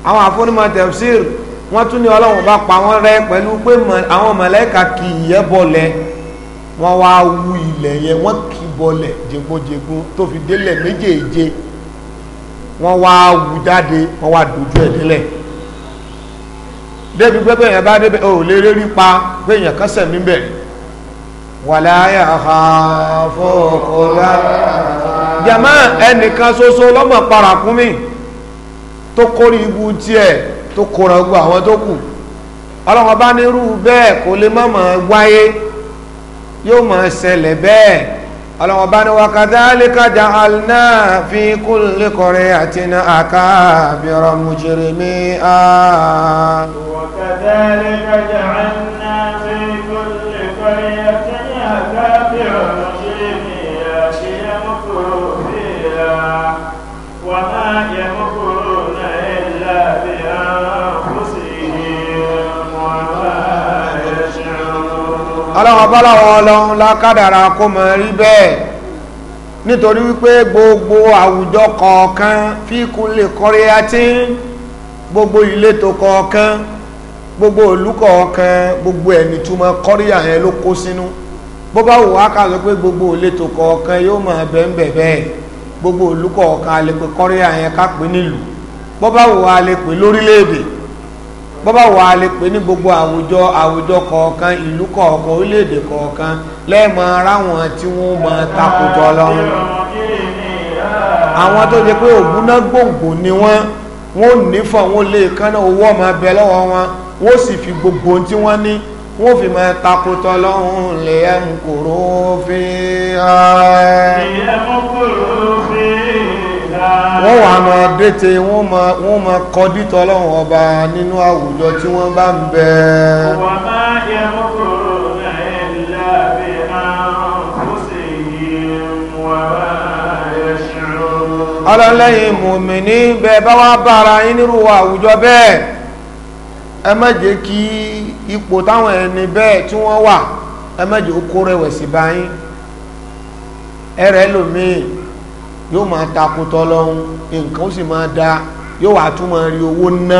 àwọn àfọ́nímọ̀ tafsir wọ́n tún ní ọlọ́run ọba pa wọ́n rẹ́ pẹ̀lú pé àwọn mọ̀lẹ́kà kì í yẹ́ bọ̀lẹ̀ wọ́n wá wú ilẹ̀ yẹn wọ́n kì í bọ̀lẹ̀ jẹgúnjẹgún tó fi délẹ̀ méjèèje wọ́n wá wú jáde wọ́n wá dojú ẹ̀ délẹ̀ débi pé bẹ́ẹ̀ bá débẹ̀ ò lè pa bẹ́ẹ̀ yẹn kásẹ̀ mí wàlá yàrá fòkòlá jama ẹnìkan ṣoṣo lọ́mọ̀ parakún mi tó kórí ibu tiẹ̀ tó kóra gbogbo àwọn tó kù ọlọ́mọ bá nírú bẹ́ẹ̀ kò lè mọ̀mọ̀ wáyé yóò mọ̀ ṣẹlẹ̀ bẹ́ẹ̀ ọlọ́mọ bá ní wákàtí alikada alna fi kulli qaryatin akabira mujrimiha. wákàtí alikada alna. ọlọ́wọ́n bọ́lọ́wọ́ ọlọ́run lákàdàrà kó mọ̀ rí bẹ́ẹ̀ nítorí wípé gbogbo àwùjọ kọ̀ọ̀kan fíkú lè kọrí àti gbogbo ìletò kọ̀ọ̀kan gbogbo ìlú kọ̀ọ̀kan gbogbo ẹ̀mí túmọ̀ kọrí àyẹn ló kó sínú bó bá wù gbogbo ìletò kọ̀ọ̀kan yóò mọ̀ bẹ́ẹ̀ gbogbo ìlú kọ̀ọ̀kan a lè pè kọrí àyẹn ká pè nílùú bó bá wù wá lè pè bọ́bá wà á lè pè ní gbogbo àwùjọ àwùjọ kọ̀ọ̀kan ìlú kọ̀ọ̀kan orílẹ̀-èdè kọ̀ọ̀kan lẹ́ẹ̀mọ aráwọn tí wọ́n mọ takùtọ̀ ọlọ́run àwọn tó ṣe pé ògúnná gbòǹgbò ni wọ́n wọ́n nífọ̀ wọ́n lè kánná owó ọmọ abẹ lọ́wọ́ wọn wọ́n sì fi gbogbo tí wọ́n ní wọ́n fi mọ takùtọ̀ ọlọ́run lè ẹ̀mú kòrò fi hàn. lè wọ́n wà mọ́ déte wọ́n mọ́ kọ dítọ́ ọlọ́run ọba nínú àwùjọ tí wọ́n bá ń bẹ ọlọ́lẹ́yìn mùmìnì bẹ bá wá bára yín àwùjọ bẹ́ẹ̀ ẹ má kí táwọn ẹni bẹ́ẹ̀ tí wọ́n wà ẹ bá yín rẹ lòmíì yóò máa takotọ́ lọ́hún nǹkan ó sì máa da yóò wà tún máa rí owó ná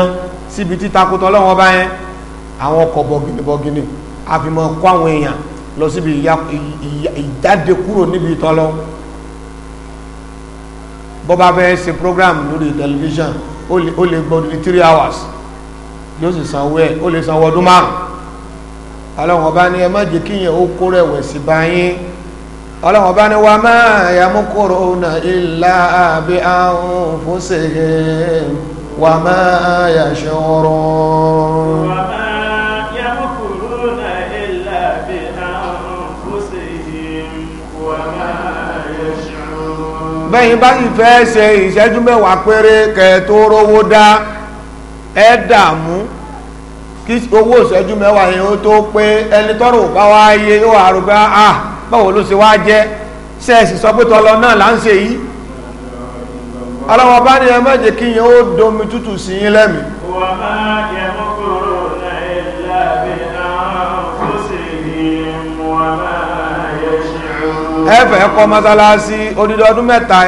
síbi tí takotọ́ lọ́hún ọba yẹn àwọn ọkọ̀ bọ̀gìnìbọ̀gìnì àfi máa kó àwọn èèyàn lọ síbi ìjáde kúrò níbi ìtọ́lọ́ bó bá ṣe program lórí tẹlifíṣàn ó lè gbọ́ ní three hours yóò sì sanwó ẹ̀ ó lè sanwó ọdún márùn-ún ọlọ́run ọba ni ẹ má jẹ́ kíyàn ó kó rẹ̀wẹ̀sì báyìí ọlọ́run ni wà máa yamukuruna mú bi anfusihim wà máa yashurun. wà máa yamukuruna illa bi anfusihim wà máa bá ìfẹ́ ṣe ìṣẹ́jú mẹ́wàá péré rówó dààmú kí owó ìṣẹ́jú mẹ́wàá yẹn tó pé ẹni tọ́rọ̀ bá wáyé báwo ló ṣe wá jẹ́ sẹ́ẹ̀sì sọ pé tọ́lọ náà là ń ṣe yìí ọlọ́wọ́ bá ní ẹ má jẹ́ kí yẹn ó domi tútù sí yín mọ́sálásí mẹ́ta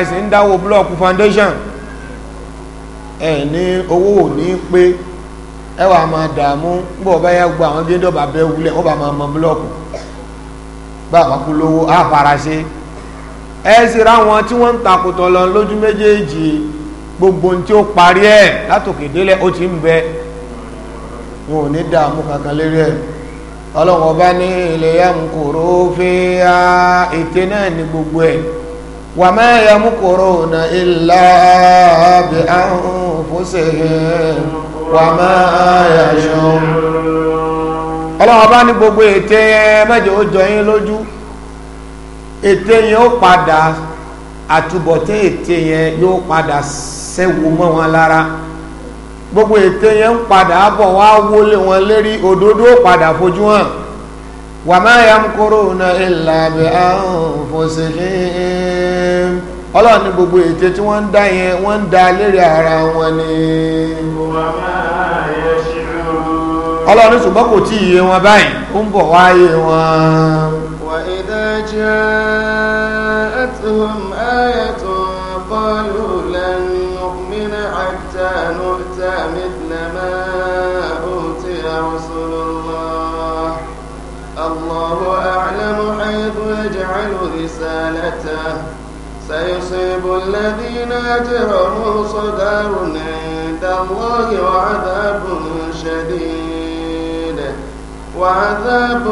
ń foundation ẹ̀ ní owó ò ní pé ẹwà máa dààmú gbọ́ yẹ gbọ́ àwọn wulẹ̀ máa bá àwọn kú lówó á fara ṣe ẹ sì ráwọn tí wọ́n ń takùtọ̀ lọ lójú méjèèjì gbogbo tí ó parí ẹ̀ látòkè délẹ̀ ó ti ń bẹ wọn ò ní dààmú kankan lérí ẹ̀ ọlọ́run ọba ní ilẹ̀ yamukoro fi ha ète náà ní gbogbo ẹ̀ wà má yamukoro na ilà bí àwọn òfóṣe wà má yàjọ ọlọ́wọ́n bá ní gbogbo ète mẹ́jọ ó jọ yín lójú ète yẹn ó padà àtúbọ̀tán ète yẹn yóò padà sẹ́wó mọ́ wọn lára gbogbo ète yẹn ń padà bọ̀ wá wọlé wọn lérí òdodo ó padà fojú hàn wà má kóró na ìlà bí anfusihim ọlọ́run ní gbogbo ète tí wọ́n ń dá yẹn wọ́n ń dá lérí ara wọn ni. wà má yà. ọlọ́run ṣùgbọ́n kò tí iye wọn báyìí ó ń bọ̀ wáyé wọn. wà ìdá jẹ́ ẹ̀tùm ayẹ̀tùn bọ́ọ̀lù lẹ́nu mìíràn àjànú tàbí lẹ́mẹ́ òtí rasulullah allahu a'lamu haythu yaj'alu risalatahu سيصيب الذين أجرموا صدار عند الله وعذاب شديد وعذاب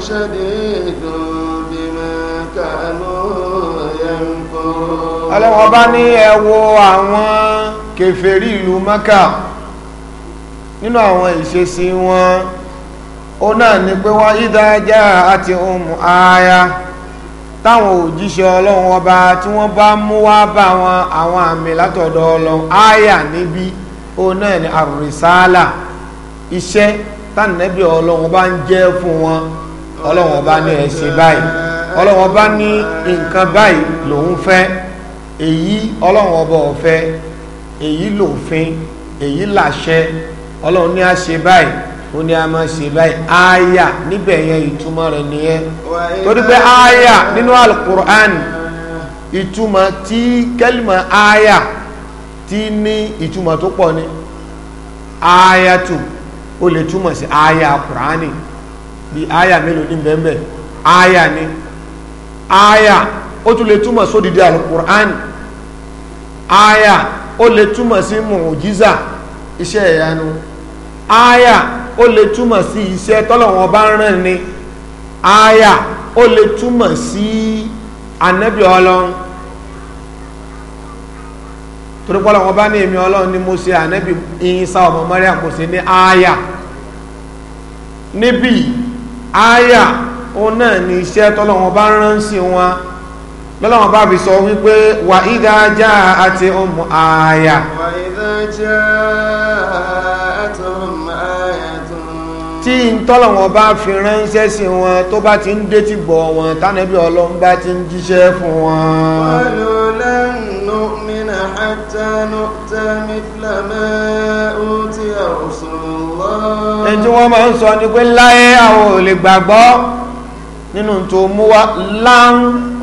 شديد بما كانوا ينكرون ọlọ́wọ́ bá ní ẹ wo àwọn kèfèrí ìlú mẹ́kà nínú àwọn ìṣesí wọn ó náà ni pé wọ́n yídájá àti ohun ààyà táwọn òjíṣẹ́ ọlọ́run ọba tí wọ́n bá mú wá bá wọn àwọn àmì látọ̀dọ̀ ọlọ́run ààyà níbi ó náà ni àrùrìsáálà iṣẹ́ tánàbí ọlọ́run bá ń jẹ́ fún wọn ọlọ́run bá ní ẹ̀sìn báyìí ọlọ́run bá ní nǹkan báyìí lòun fẹ́ èyí ọlọ́run ọba ọ̀fẹ́ èyí lòfin èyí làṣẹ ọlọ́run ní àṣẹ báyìí ó ní a máa ṣe báyìí aya níbẹ̀ yẹn ìtumọ̀ rẹ̀ nìyẹn torí pé aya nínú alukur'an ìtumọ̀ tí kẹ́lìmọ̀ aya ti ní ìtumọ̀ tó pọ̀ ní ayatu. O lè túmọ̀ sí aya kùránì bi aya mélòó ní bẹ́ẹ̀ bẹ́ẹ̀ aya ni aya o tún lè túmọ̀ sódìdí alukùránì aya o lè túmọ̀ sí mùjíza iṣẹ́ ìyanu aya o lè túmọ̀ sí iṣẹ́ tọ́lọ̀wọ̀n bá rán ni aya o lè túmọ̀ sí anabi ọlọ́run torí pọ́lọ́ wọn bá ní èmi ọlọ́run ni mo ṣe ànábì Ìsá ọmọ Maryam mo ṣe ní aya níbí aya òun náà ni iṣẹ́ tọ́lọ́wọ́n bá ránṣẹ́ wọn lọ́lọ́wọ́n bá fi sọ wípé wà ìdá já àti ọmọ aya. wà ìdá já àti ọmọ aya tó ń. tí tọ́lọ́wọ́n bá fi ránṣẹ́ sí wọn tó bá ti ń dé bọ̀ wọn tánàbí ọlọ́run bá ti ń jíṣẹ́ fún wọn. wọ́n lò lẹ́nu mi حتى نؤتى مثل ما أوتي رسل الله ẹ̀tí wọ́n máa ń يقول لا pé láyé àwọn ò lè gbàgbọ́ nínú tó mú wa lán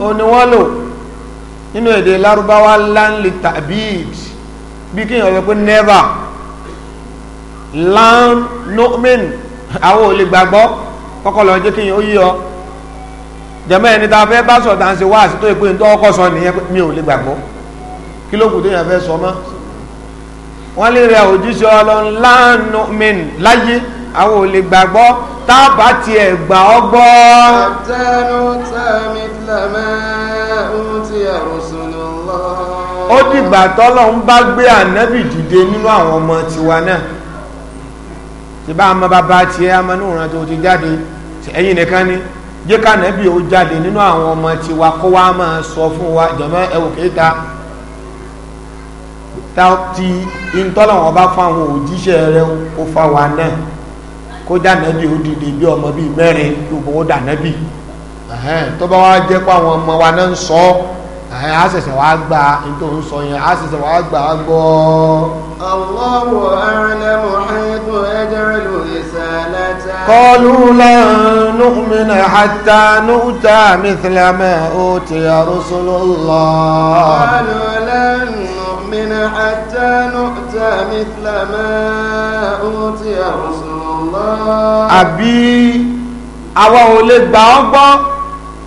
oníwọ́lò nínú èdè lárúbáwá lán lè tàbí bí kí èèyàn sọ pé never lán nomen àwọn ò lè gbàgbọ́ kọ́kọ́ lọ jẹ́ kí èèyàn ó yí ọ jẹ́mọ́ ẹni tá a fẹ́ bá sọ̀tà ń ṣe wáàsí tó yẹ pé ní tó ọkọ̀ sọ nìyẹn mi ò lè gbàgbọ́ kí ló kù téèyàn fẹ́ sọ mọ́ wọ́n lè rẹ òjíṣẹ́ ọlọ́run láàánú min láyé àwọn ò lè gbàgbọ́ tá a bá tiẹ̀ gbà ọ́ gbọ́. àtẹnu tẹ̀mí lẹ́mẹ́ ń ti àròsùnù lọ. ó dìgbà tọ́lọ́run bá gbé ànábì dìde nínú àwọn ọmọ tiwa náà tí bá ọmọ bàbá tiẹ̀ ọmọ inú ìran tó ti jáde ẹ̀yìn nìkan ni jẹ́ ká ó jáde nínú àwọn ọmọ tiwa kó wá máa sọ fún wa jọ̀mọ́ ẹ̀wò kéta tí ìtọ́lọ̀wọ̀n bá fáwọn òjíṣẹ́ rẹ̀ ó fáwa náà kó dànẹ́bì ó dìde bí ọmọ bíi mẹ́rin gbogbo ó dànẹ́bì tó bá wá jẹ́ pé àwọn ọmọ wa náà ń sọ á ṣẹ̀ṣẹ̀ wá gba ètò sọ yẹn á ṣẹ̀ṣẹ̀ wá gbà á gbọ́. Allahu a'lamu haythu yaj'alu risalata. Qalu lan nu'mina hatta nu'ta mithla ma utiya rusulullah. Qalu lan نؤمن حتى نؤتى مثل ما أوتي رسول الله أبي àwa ò lè gbà ọ́ gbọ́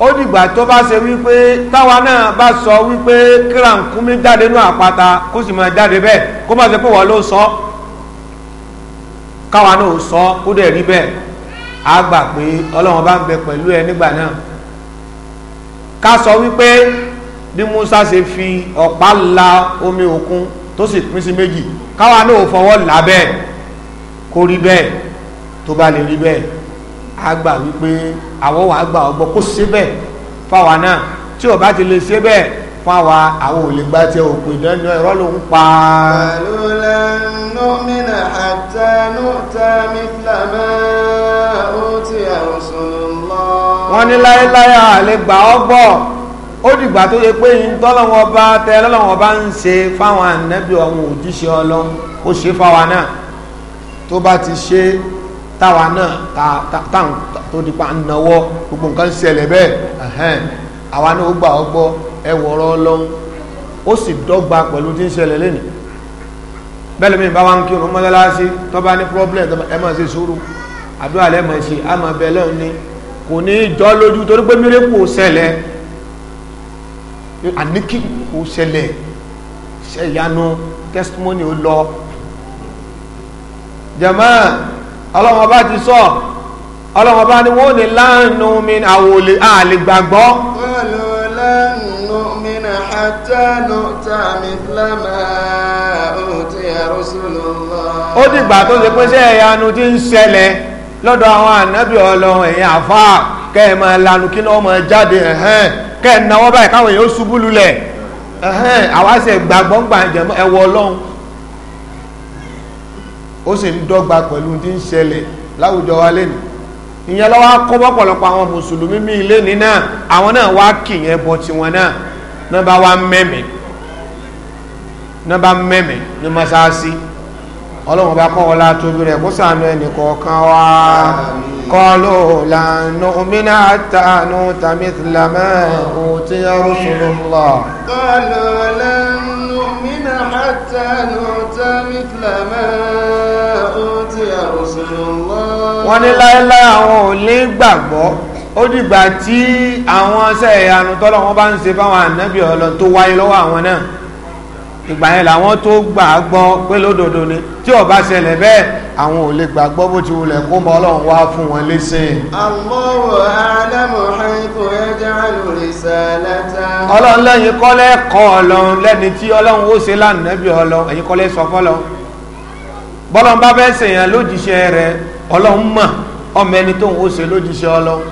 ó dìgbà tó bá ṣe wípé táwa náà bá sọ wípé kírankúmí jáde nú àpáta kó sì máa jáde bẹ́ẹ̀ kó má ṣe pé wọ́n ló sọ káwa náà ò sọ kó dẹ̀ rí bẹ́ẹ̀ á gbà pé ọlọ́run bá ń bẹ pẹ̀lú ẹ nígbà náà ká sọ wípé bí Musa ṣe fi ọ̀pá la omi òkun tó sì pín sí méjì káwa náà ò fọwọ́ là bẹ́ẹ̀ kó rí bẹ́ẹ̀ tó bá lè rí bẹ́ẹ̀ á gbà wípé àwọn wàá gbà ọgbọ́ kó ṣe bẹ́ẹ̀ fáwa náà tí ò bá ti lè ṣe bẹ́ẹ̀ fáwa àwọn ò lè gbá tí ò pè ẹ̀rọ ló ń pa. àlùlẹ̀ nọ́mìnà àtẹnútẹ mìtìlámẹ́ ó ti ẹ̀rọ sọ̀rọ̀ lọ. wọ́n ní láéláé àlè gbà ọgbọ́ ó dìgbà tó yẹ pé ntọ́lọ́wọ́n bá tẹ lọ́lọ́wọ́n bá ń ṣe fáwọn ànábì àwọn òjíṣẹ́ ọlọ́run ó ṣe fáwa náà tó bá ti ṣe táwa náà táwọn tó nípa náwó gbogbo nǹkan ṣẹlẹ̀ bẹ́ẹ̀ àwa náà ó gbà ọ́ gbọ́ ẹ wọ̀rọ̀ ọlọ́run ó sì dọ́gba pẹ̀lú tí ń ṣẹlẹ̀ lénìí bẹ́ẹ̀ mi bá wa ń kírun mọ́lẹ́láṣí tó bá ní problem ẹ máa ṣe sùúrù àdúrà lẹ́ẹ̀ máa ṣe á máa bẹ̀ lẹ́hìn ni kò ní í jọ́ lójú torí pé mírèkù ṣẹlẹ̀ àníkí kò ṣẹlẹ̀ ṣẹ̀yanu testimony ó lọ jama ọlọ́wọ́n ti sọ ọlọ́wọ́n bá ní wọ́n ní láàánú mi àwòlè àlè gbàgbọ́ ó dìgbà tó ṣe pé ṣẹ̀yanu ti ń ṣẹlẹ̀ lọ́dọ̀ àwọn ànábì ọlọ́run ẹ̀yìn àfáà kẹ́ ẹ̀ máa lanu kí ni wọ́n máa jáde ẹ̀hẹ́n kẹ́ ẹ̀ náwó báyìí káwọn èèyàn ṣubú lulẹ̀ ẹ̀hẹ́n àwáṣẹ gbàgbọ́ gbàǹjẹ̀mọ́ ẹ̀wọ̀ ọlọ́run ó sì ń dọ́gba pẹ̀lú tí ń ṣẹlẹ̀ láwùjọ wa lẹ́nu ìyẹn lọ́wọ́ kọ́bọ̀pọ̀lọpọ̀ àwọn mùsùlùmí mi ilé ní náà àwọn náà wá kì yẹn bọ tiwọn náà náà bá wá mẹ́mẹ́ náà bá mẹ́mẹ́ ní mọ́sáàsì ọlọ́run bá kọ́ ọlá tóbi rẹ̀ kó sànú ẹnì kọ̀ọ̀kan wá kọlù lànà òmìnà àtànù tàmítìlámẹ́ òun tí a rúṣùlù lọ. lọ. wọ́n ní láéláé àwọn ò lè gbàgbọ́ ó dìgbà tí àwọn ṣẹ́ ìyanu tọ́lọ́ bá ń ṣe fáwọn ànábì ọlọ́ tó wáyé lọ́wọ́ àwọn náà ìgbà yẹn làwọn tó gbà á gbọ́ pé lódodo ni tí ó ṣẹlẹ̀ bẹ́ẹ̀ àwọn ò lè gbàgbọ́ bó ti wulẹ̀ kó mọ ọlọ́run wá fún wọn lẹ́sìn. Allahu a'lamu haythu yaj'alu risalatahu. ọlọ́run lẹ́yìn kọ́lẹ́ kọ́ ọlọ́run lẹ́ni tí ọlọ́run ó ṣe lánàá bí ọlọ́run ẹ̀yìn kọ́lẹ́ sọ fọ́lọ́run bọ́lọ́n bá fẹ́ sèyàn lójíṣẹ́ rẹ̀ ọlọ́run mọ̀ ọmọ ẹni tóun ó ṣe lójíṣẹ́ ọlọ́run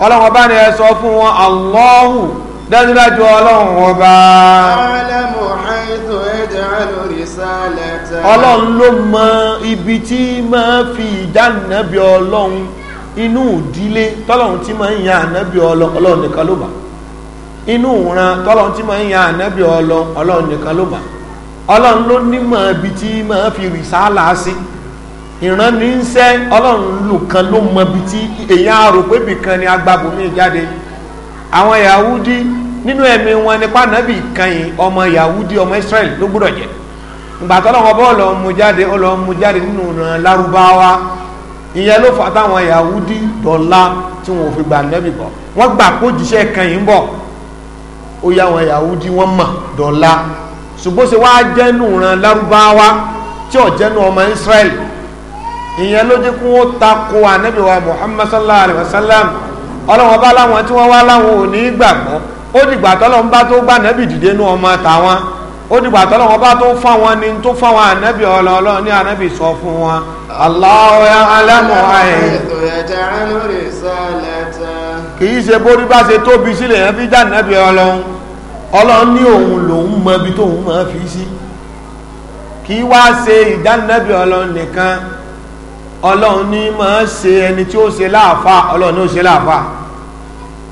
ọlọ́run Allahu dájúdájú ọlọ́run ọba. ọlọ́run ló mọ ibi tí máa fi ìdánàbí ọlọ́run inú ìdílé tọ́lọ́run tí máa ń yan ànábì ọlọ́run nìkan ló mọ̀ inú ìran tọ́lọ́run tí máa ń yan ànábì ọlọ́run nìkan ló mọ̀ ọlọ́run ló nímọ̀ ibi tí máa fi rìsáàlà sí ìran ní ń sẹ́ ọlọ́run lùkan ló mọ ibi tí èèyàn àrò pé bìkan ni agbábòmí jáde àwọn Yahudi nínú ẹ̀mí wọn nípa ànábì kan yìí ọmọ Yahudi ọmọ Israel ló gbọ́dọ̀ jẹ́ ìgbà tó lọ́wọ́ bọ́ lọ mú jáde ó lọ mú jáde nínú ìran lárúbáwá ìyẹn ló fà táwọn yahudi dọ̀la tí wọn fi gbà nẹ́bì bọ̀ wọ́n gbà kó jíṣẹ́ kan yìí bọ̀ ó yá yahudi wọ́n mọ̀ dọ̀la ṣùgbọ́n ṣe wáá jẹ́nu lárúbáwá tí ò jẹ́nu ọmọ israel ìyẹn ló jẹ́ kó ànẹ́bì wa muhammad sallallahu alayhi wa sallam ọlọ́wọ́n bá láwọn tí wọ́n wá láwọn ò ó dìgbà tọ́lọ́wọ́n bá tó fáwọn ni tó fáwọn ànábì ọlọ́ọ̀lọ́ ní ànábì sọ fún wọn Allahu ya'lamu haythu kìí ṣe bórí bá ṣe tóbi sílẹ̀ yẹn fi já ànábì ọlọ́run ọlọ́run ní òun lòun mọ ibi tóun máa fi sí kìí wá ṣe ìdánilẹ́bì ọlọ́run nìkan ọlọ́run ní máa ṣe ẹni tí ó ṣe láàfà ọlọ́run ní ó ṣe láàfà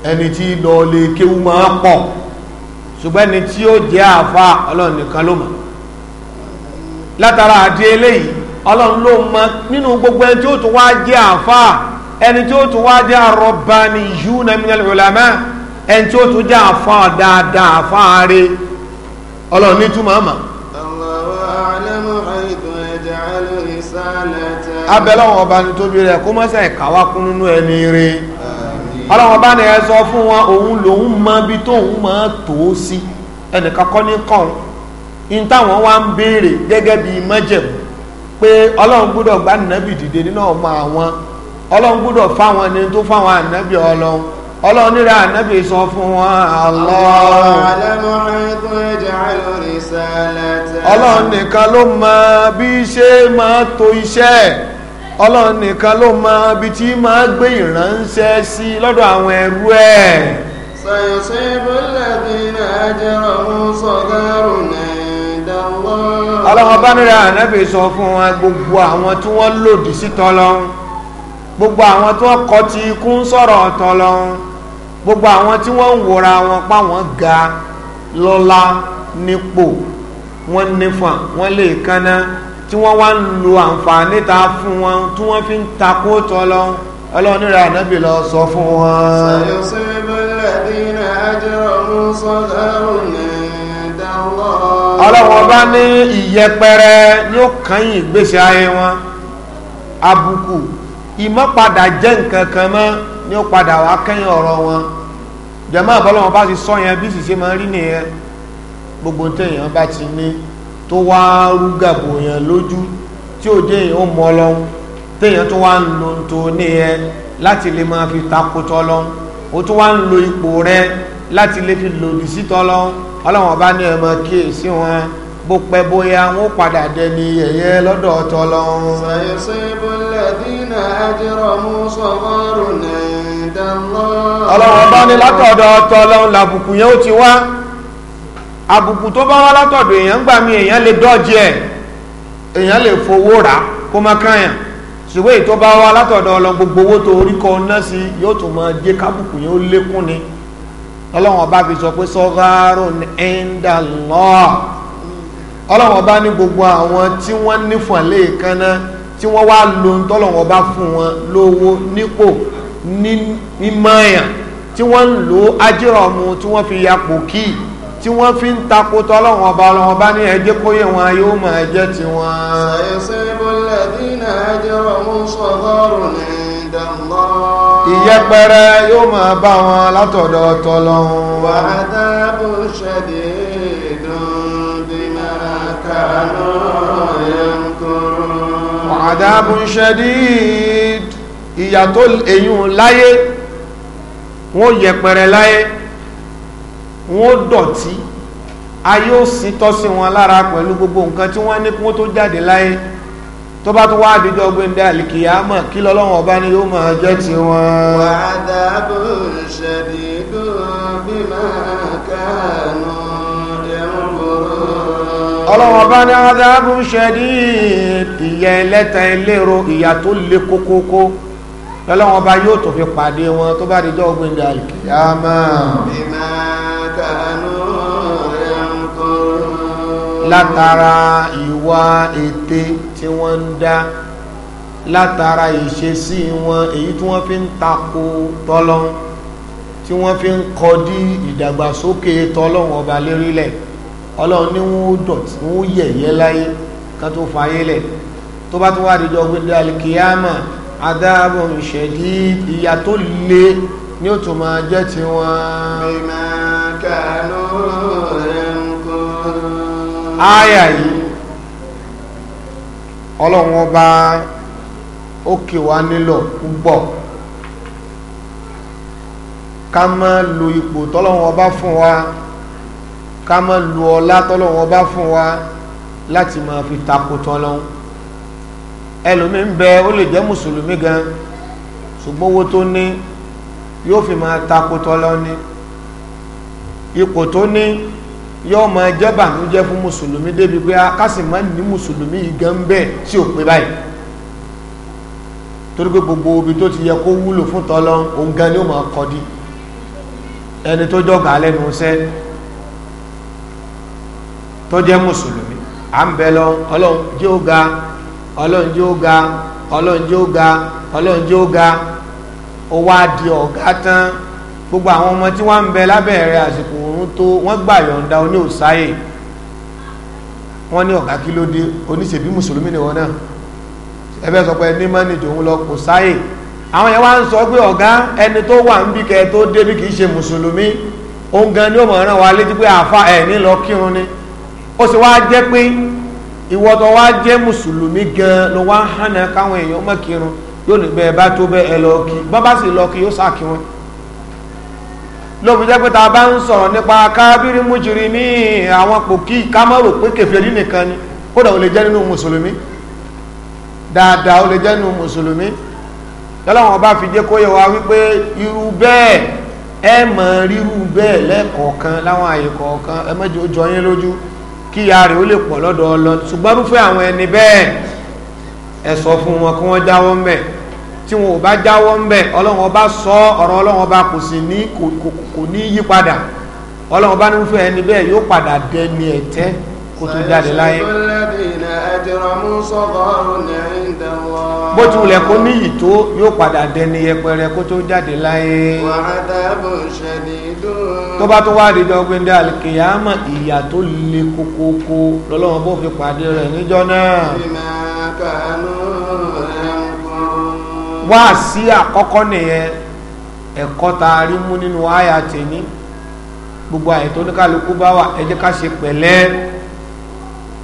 ẹni tí lọ lè kéwú máa pọ̀ ṣùgbọ́n ẹni tí ó jẹ́ àfa ọlọ́run nìkan ló mọ̀ látara àdé eléyìí ọlọ́run ló mọ̀ nínú gbogbo ẹni tí ó tún wá jẹ́ àfa ẹni tí ó tún wá jẹ́ ar-rabbaniyuna minal ulama ẹni tí ó tún jẹ́ àfa dáadáa àfa rẹ ọlọ́run ní túmọ̀ àmà. abẹ́lẹ́ wọn ọba ní tóbi rẹ̀ kó mọ́sẹ̀ káwá kún ẹni rẹ̀. ọlọ́wọ́n bá ní fún wọn òun lòun mọ bí tóun tó sí ẹnìkan kọ́ ní kàn ń táwọn wá ń béèrè gẹ́gẹ́ bí májẹ̀mú pé ọlọ́run gbọ́dọ̀ nàbì dìde nínú ọmọ àwọn ọlọ́run fáwọn ẹni tó fáwọn ànábì ọlọ́run ọlọ́run ànábì sọ wọn ọlọ́run nìkan ló mọ bí ṣe máa tó iṣẹ́ ọlọ́run nìkan ló mọ ibi tí máa gbé ìránṣẹ́ sí lọ́dọ̀ àwọn ẹrú ẹ̀. sàyẹ̀sẹ̀ ìbúlẹ̀ bí nàìjíríà mú sọ̀gárù nàìjíríà. ọlọ́run bá ànábì sọ fún wa gbogbo àwọn tí wọ́n lòdì sí tọ́lọ́run gbogbo àwọn tí wọ́n kọ́ ti ikú ń sọ̀rọ̀ tọ́lọ́run gbogbo àwọn tí wọ́n ń wòra wọn pa wọ́n ga lọ́lá nípò wọ́n nífà wọ́n lè kánná tí wọ́n wá ń lo àǹfààní ta fún wọn tí wọ́n fi ń takó tọ́ lọ ọlọ́run nira ànábì lọ sọ fún wọn. ọlọ́run bá ní ìyẹpẹrẹ yóò kányìn ìgbésí ayé wọn àbùkù ìmọ̀padà jẹ́ nǹkan kan mọ́ ni ó padà wá kẹ́yìn ọ̀rọ̀ wọn jẹ̀mọ́ àbọ́lọ́wọ́n bá ti sọ yẹn bí sì ṣe máa rí nìyẹn gbogbo téèyàn bá ti ní tó wá rúgàbò yẹn lójú tí ò dé èèyàn mọ lọ́n téèyàn tó wá ń lo tó ní ẹ láti lè máa fi takotọ́ lọ́n ó tó wá ń lo ipò rẹ láti lè fi lòdì sítọ́ lọ́n ọlọ́wọ́n bá ní ẹ̀mọ kíyèsí wọn bó pẹ́ bóyá wọn padà dẹni ẹ̀yẹ lọ́dọ̀ ọ̀tọ̀ lọ́run. ọlọ́wọ́n bá ní látọ̀dọ̀ ọ̀tọ̀ lọ́run làbùkù yẹn ó ti wá àbùkù tó bá wá látọ̀dọ̀ èèyàn gbà mí èèyàn lè dọ́jì ẹ̀ èèyàn lè fowó rà kó má káyàn ṣùgbọ́n èyí tó bá wá látọ̀dọ̀ ọlọ́run gbogbo owó tó orí kọ ná sí yóò tún máa jẹ́ kábùkù yẹn ó lékún ni ọlọ́run ọba fi sọ pé sọ́gárò ní ẹ̀ńdà lọ́ ọlọ́run ọba ní gbogbo àwọn tí wọ́n nífọ̀n lẹ́ẹ̀kan náà tí wọ́n wá lo ń tọ́lọ́run ọba fún wọn lówó nípò ní mímọ́yàn tí wọ́n ń lo ajírọ̀mù tí wọ́n fi yapò kíì tí wọ́n fi ń takò tọ́lọ́wọ́n ọba ọlọ́wọ́n bá ní ẹjẹ́ kóyè wọn yóò máa jẹ́ ti wọn. ìyẹpẹrẹ yóò máa bá wọn látọ̀dọ̀ tọ́lọ́wọ́n. wà á dábò ṣẹ̀dẹ̀ dundunmá kánú ẹ̀ńkúrú. wà á dábò ṣẹ̀dẹ̀ ìyà tó èyí láyé wọ́n yẹpẹrẹ láyé wọn ó dọ̀tí a yóò sí tọ́sí wọn lára pẹ̀lú gbogbo nǹkan tí wọ́n ní kí wọ́n tó jáde láyé tó bá tó wá àdíjọ́ gbéńdé àlìkìyàmọ̀ kí lọ́lọ́wọ́n ọba ni yóò máa jẹ́ ti wọn. wàdàbò ṣèdídò bí máa kánú ọlọ́wọ́n ọba ní àdàbò ṣèdí ìyà ẹlẹ́ta ẹlẹ́rọ ìyà tó le kókókó lọ́lọ́wọ́n ọba yóò tó fi pàdé wọn tó bá àdíjọ́ gbéńdé àlìkìyàmọ̀. bí máa كانوا يمكرون látara ìwà ète tí wọ́n ń dá látara ìṣesí wọn èyí tí wọ́n fi ń tako tọ́lọ́n tí wọ́n fi ń kọdí ìdàgbàsókè tọ́lọ́n ọba lérílẹ̀ ọlọ́run ní wọ́n dọ̀tí wọ́n yẹ̀yẹ́ láyé kan tó fayé lẹ̀ tó bá tún wá dìjọ gbẹdẹ alikiyama adáàbò ìṣẹ̀dí ìyà tó le ní ó tún máa jẹ́ ti wọn áyà yìí ọlọ́run ọba ó kì wá nílò púpọ̀ ká má lo ipò tọ́lọ́run ọba fún wa ká má lo ọlá tọ́lọ́run ọba fún wa láti máa fi takò tọ́lọ́run ẹlòmí ń bẹ ó lè jẹ́ mùsùlùmí gan ṣùgbọ́n owó tó ní yóò fi máa takotọ́ lọ́ní ipò tó ní yóò máa jẹ́ bànújẹ́ fún mùsùlùmí débi pé akásìmọ́ ní mùsùlùmí yìí gan bẹ́ẹ̀ tí ò pé báyìí torí pé gbogbo ibi tó ti yẹ kó wúlò fún tọ́lọ́ òun gan ni ó máa kọ́dí ẹni tó jọ̀gá lẹ́nu iṣẹ́ tó jẹ́ mùsùlùmí à ń bẹ lọ ọlọ́run jẹ́ ó ga ọlọ́run jẹ́ ó ga ọlọ́run jẹ́ ó ga ọlọ́run jẹ́ ó ga ó wá di ọ̀gá tán gbogbo àwọn ọmọ tí wọ́n ń bẹ lábẹ́ rẹ̀ àsìkò òun tó wọ́n gbà yọ̀ǹda oní òsáyè wọ́n ní ọ̀gá kí ló dé oníṣèbí mùsùlùmí ni wọ́n náà ẹbẹ́ sọ pé ní mọ́nì tòun lọ kò sáyè àwọn yẹn wá ń sọ pé ọ̀gá ẹni tó wà ń bí kẹ tó débi kì í ṣe mùsùlùmí òun gan ni ó mọ̀ ràn wá létí pé àfa ẹ̀ ní lọ kírun ni ó sì wá jẹ́ pé ìwọ tó jẹ́ mùsùlùmí gan ló wá hànà káwọn èèyàn mọ́ kírun yóò ní bẹ́ẹ̀ bá tó bẹ́ẹ̀ ẹ lọ kí bọ́ bá sì lọ kí yóò sàkí wọn lóbi jẹ́ pé ta bá ń sọ̀rọ̀ nípa kábírí mújìrì ní àwọn pòkí kámọ́rò pé kèfèrí nìkan ni kódà ó lè jẹ́ nínú mùsùlùmí dáadáa ó lè jẹ́ nínú mùsùlùmí lọ́lọ́wọ́n bá fi jẹ́ kó yẹ wá wípé irú bẹ́ẹ̀ ẹ mọ̀ ríru bẹ́ẹ̀ lẹ́ẹ̀kọ̀ọ̀kan láwọn àyè kọ̀ọ̀kan ẹ mẹ́jọ jọ yín lójú kí ìyá rẹ̀ ó lè pọ̀ lọ́dọ̀ ṣùgbọ́n rúfẹ́ àwọn ẹni bẹ́ẹ̀ ẹ sọ fún wọn kí wọ́n jáwọ́ mẹ́ẹ̀ tí wọn ò bá jáwọ́ ń bẹ̀ ọlọ́run ọba sọ ọ̀rọ̀ ọlọ́run ọba kò sì ní kò ní yípadà ọlọ́run ọba nínú fún ẹni bẹ́ẹ̀ yóò padà dẹni ẹ̀tẹ́ kó tó jáde láyé. bó tilẹ̀ kó ní ìtó yóò padà dẹni yẹpẹrẹ kó tó jáde láyé. tó bá tó wá di dọ́gbìn dá alikiyama ìyà tó le kókókó lọ́lọ́run bó fi pàdé rẹ̀ níjọ́ náà wáàsí àkọ́kọ́ nìyẹn ẹ̀kọ́ tá rí mú nínú àyà tèmi gbogbo àyè tó ní kálukú bá wà ẹ ká ṣe pẹ̀lẹ́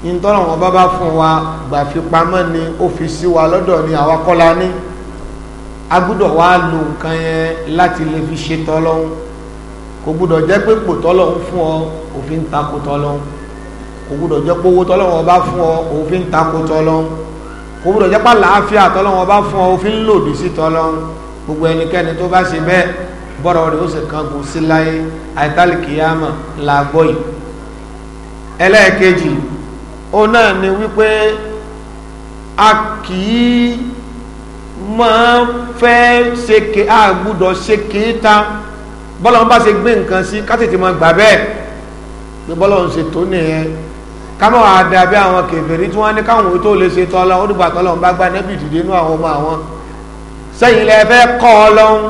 nítorí wọn bá bá fún wa gbà ni ó fi sí wa lọ́dọ̀ ni àwa kọ́ la ní a gbúdọ̀ wá lo nǹkan yẹn láti lè fi ṣe tọ́lọ́hún kò gbúdọ̀ jẹ́ pé pò tọ́lọ́hún fún ọ òfin takò tọ́lọ́hún kò gbúdọ̀ jẹ́ pé owó tọ́lọ́hún ọba fún ọ òfin takò tọ́lọ́hún kò gbọdọ̀ jẹ́ pé àlàáfíà tọ́lọ́wọ́n bá fún ọ òfin lòdì sí tọ́lọ́wọ́n gbogbo ẹnikẹ́ni tó bá ṣe bẹ́ẹ̀ bọ́rọ̀ rẹ̀ ó sì kangun sí láyé àìtálìkìyàmọ̀ làgbọ́ yìí ẹlẹ́ẹ̀kejì ó náà ni wípé a kì í máa fẹ́ ṣe ké a gbúdọ̀ ṣe ké ta bọ́lọ́n bá ṣe gbé nǹkan sí ká tètè máa gbà bẹ́ẹ̀ pé bọ́lọ́n ṣe tó nìyẹn kámọ́ àdàbí àwọn kèfèrí tí wọ́n ní káwọn tó lè ṣe tọ́lọ́ ó dìgbà tọ́lọ́ ń bá gba nẹ́bì dìde inú àwọn ọmọ àwọn sẹ́yìn lẹ fẹ́ kọ́ ọ lọ́hún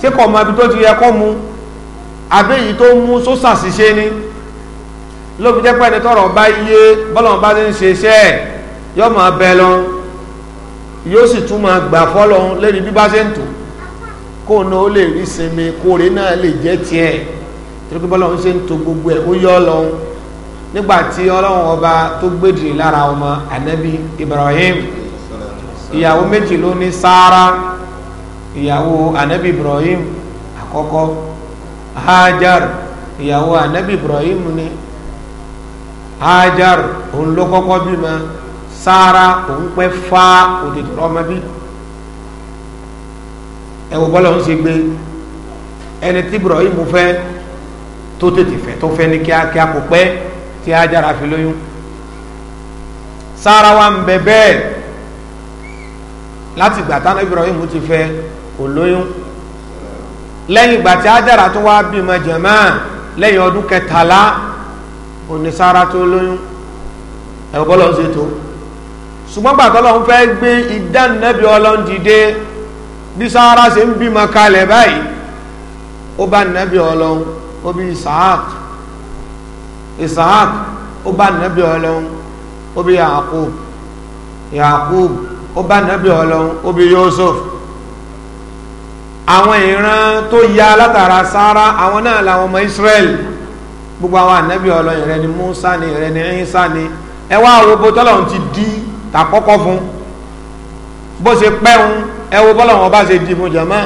ṣé kò mọ ibi tó ti yẹ kó mu àbí èyí tó mú sósà ṣiṣẹ́ ni lóbi jẹ́ pẹ́ni tọrọ bá yé bọ́lọ̀ bá ti ń ṣe iṣẹ́ ẹ̀ yóò máa bẹ lọ́hún yóò sì tún máa gbà fọ́ lọ́hún lẹ́ni bí bá ṣe ń tò kó o náà ó lè rí sinmi kóore náà lè jẹ́ tiẹ̀ torí pé bọ́lọ̀ ń ṣe ń to gbogbo ẹ̀ ó yọ lọ́hún nígbàtí ọlọ́run ọba tó gbèdìrì lára ọmọ anabi ibrahim ìyàwó méjì ló ní sáárà ìyàwó anabi ibrahim àkọ́kọ́ hajar ìyàwó anabi ibrahim ni hajar òun ló kọ́kọ́ bímọ sáárà òun pẹ́ fá òtítọ́ ọmọ bí ẹ̀wọ̀ bọ́lá òun ṣe gbé ẹni ibrahim fẹ́ tó tètè fẹ́ tó fẹ́ ní kíákíá kò pẹ́ tí Hajara fi lóyún Sárà wa ń bẹ bẹ́ẹ̀ láti ìgbà tánà Ibrahim ti fẹ́ kò lóyún lẹ́yìn ìgbà tí Hajara tó wá bímọ jẹ̀mọ́ lẹ́yìn ọdún kẹtàlá òní Sárà tó lóyún ẹ̀rọ bọ́lá ń ṣètò ṣùgbọ́n gbàtọ́ lọ́hún fẹ́ gbé ìdánilẹ́bi ọlọ́run dìde bí Sárà ṣe ń bímọ kalẹ̀ báyìí ó bá nẹ́bi ọlọ́run ó bí Isaac Isahak ó bá nàbí ọlọ́run ó bí Yakub Yakub ó bá nàbí ọlọ́run ó bí Yusuf àwọn ìran tó ya látara sára àwọn náà làwọn ọmọ Israel gbogbo àwọn ànábì ọlọ́run rẹ ni Musa ni rẹ ni Isa ni ẹ wá àwọn obo tọ́lọ́run ti di tàkọ́kọ́ fún bó ṣe pẹ́hùn ẹ wo bọ́lọ́run ọba ṣe di fún jẹ̀mọ́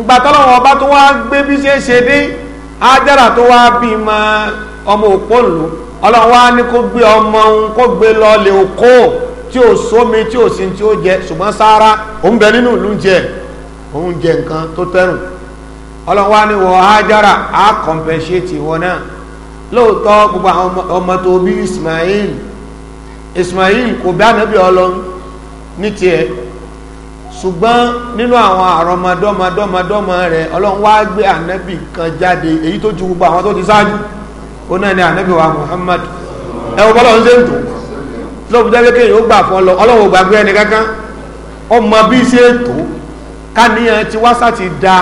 ìgbà tọ́lọ́run ọba tó wá gbé bí ṣe ṣe dé ádára tó wá bí ma ọmọ òpó ńlò ọlọ́run wá ní kó gbé ọmọ òun kó gbé lọ lè kó tí ò sómi tí ò sin tí ó jẹ ṣùgbọ́n sára òun bẹ nínú ìlú jẹ òun jẹ nǹkan tó tẹ́rùn ọlọ́run wá ní wọ ádára á kọ̀m̀pẹ̀ṣẹ̀tì wọn náà lóòótọ́ gbogbo àwọn ọmọ tó bí Ismail Ismail kò bá nàbí ọlọ́run ní tiẹ̀ ṣùgbọ́n nínú àwọn àrọmọdọ́mọdọ́mọdọ́mọ rẹ ọlọ́run gbé kan jáde èyí tó ju gbogbo àwọn tó ti ṣáájú ó náà ni ànábì wa Muhammad ẹ̀wọ̀n bọ́lá ń ṣe ń tò lóòbí jẹ́ kéèyàn ó gbà fún ọlọ ọlọ́run ò gbàgbé ẹni kankan ti wáṣà ti da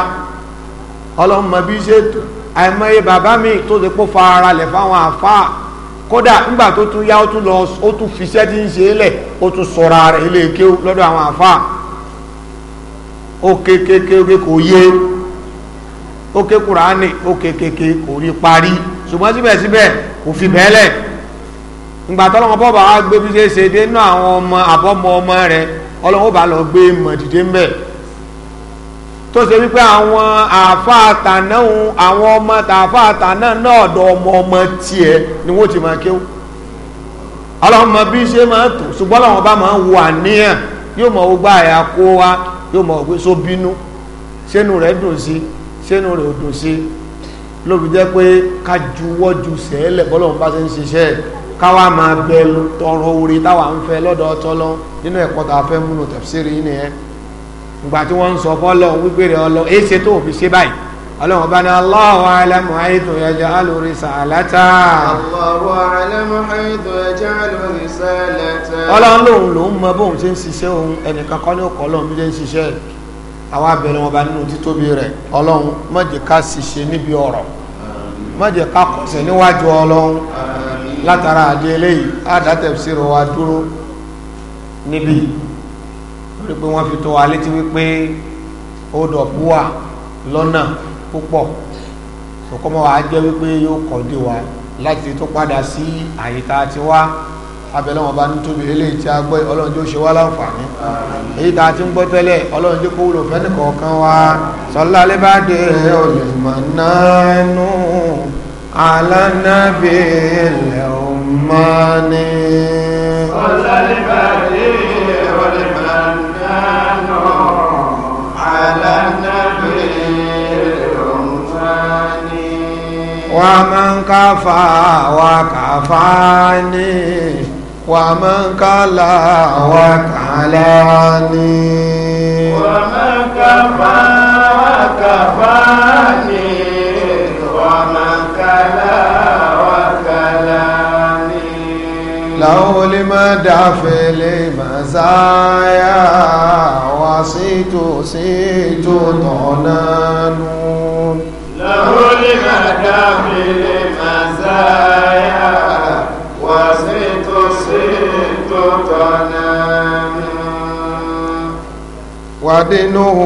ọlọ́run mọ bí ṣe ń tò àìmọye bàbá mi tó ti kó fa lẹ̀ fáwọn àfáà kódà oke ké kò yé ó ké kùránì ó kò rí parí ṣùgbọ́n síbẹ̀síbẹ̀ kò fi bẹ́ẹ̀ lẹ̀ ìgbà tọ́lọ́wọ́n bá gbé bí ṣe ṣe dé nínú àwọn ọmọ àbọ́mọ ọmọ rẹ ọlọ́wọ́ bá lọ gbé ń bẹ̀ tó ṣe wípé àwọn àwọn ọmọ náà ọ̀dọ̀ ọmọ ọmọ tiẹ̀ ni wọ́n ti máa kéwò bí ṣe máa ṣùgbọ́n bá máa yóò mọ̀ pé so bínú ṣénu rẹ̀ dùn sí ṣénu rẹ̀ ò dùn sí ló fi jẹ́ pé ká juwọ́ ju sẹ́ẹ̀lẹ̀ bọ́lọ́run bá ṣe ń ṣiṣẹ́ káwa máa bẹ tọrọ orí táwa ń fẹ́ lọ́dọ̀ ọtọ́lọ́ nínú ẹ̀kọ́ tá a fẹ́ múnú tẹ̀síìrì nìyẹn ìgbà tí wọ́n ń sọ fọ́lọ́ wípé rẹ̀ ọlọ́ èé ṣe tó òfin ṣe báyìí ọlọ́run bá ní Allahu alamu haythu yaj'alu risalata. Allahu alamu haythu yaj'alu risalata. ọlọ́run lòun lòun mọ bóun ṣe ń ṣiṣẹ́ òun ẹnìkan kọ́ ní ọkọ̀ ọlọ́run ṣe ń ṣiṣẹ́ àwọn abẹ́rẹ́ wọn bá nínú títóbi rẹ̀ ọlọ́run má jẹ́ ká ṣiṣẹ́ níbi ọ̀rọ̀ má jẹ́ ká kọsẹ̀ níwájú ọlọ́run látara àdé eléyìí àdátẹ̀síro wa dúró níbi wípé fi tó wa létí wípé ó dọ̀ búwà lọ́nà púpọ̀ sọkọ́mọ́ wa jẹ́ wípé yóò kọ́ wa láti tó padà sí àyíká tí wá abẹ́lẹ́ bá ń tóbi eléyìí tí a gbọ́ ọlọ́run yóò ṣe wá láǹfààní èyí tá a ti ń gbọ́ tẹ́lẹ̀ ọlọ́run yóò kó wúlò fẹ́ nìkọ̀ọ̀kan wa sọlá alẹ́bàdé olè mọ̀nánú alánàbí ilẹ̀ ọmọní. sọlá alẹ́bàdé olè mọ̀nánú alánàbí. ومن كفى وكفاني ومن كلا وكلاني ومن كفى وكفاني ومن كلا وكلاني له لمدافع لمزايا وصيت صيت ضناني ودينه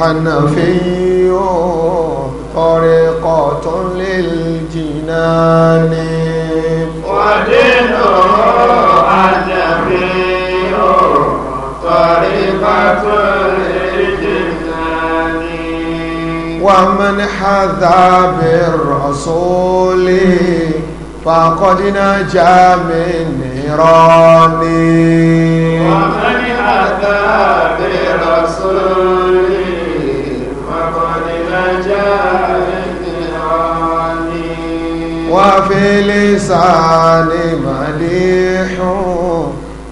حنفي طريقة للجنان ودينه حنفي طريقة ومن حذى بالرسول فقد نجا من نيران ومن حذى بالرسول فقد نجا من نيران وفي لسان مليح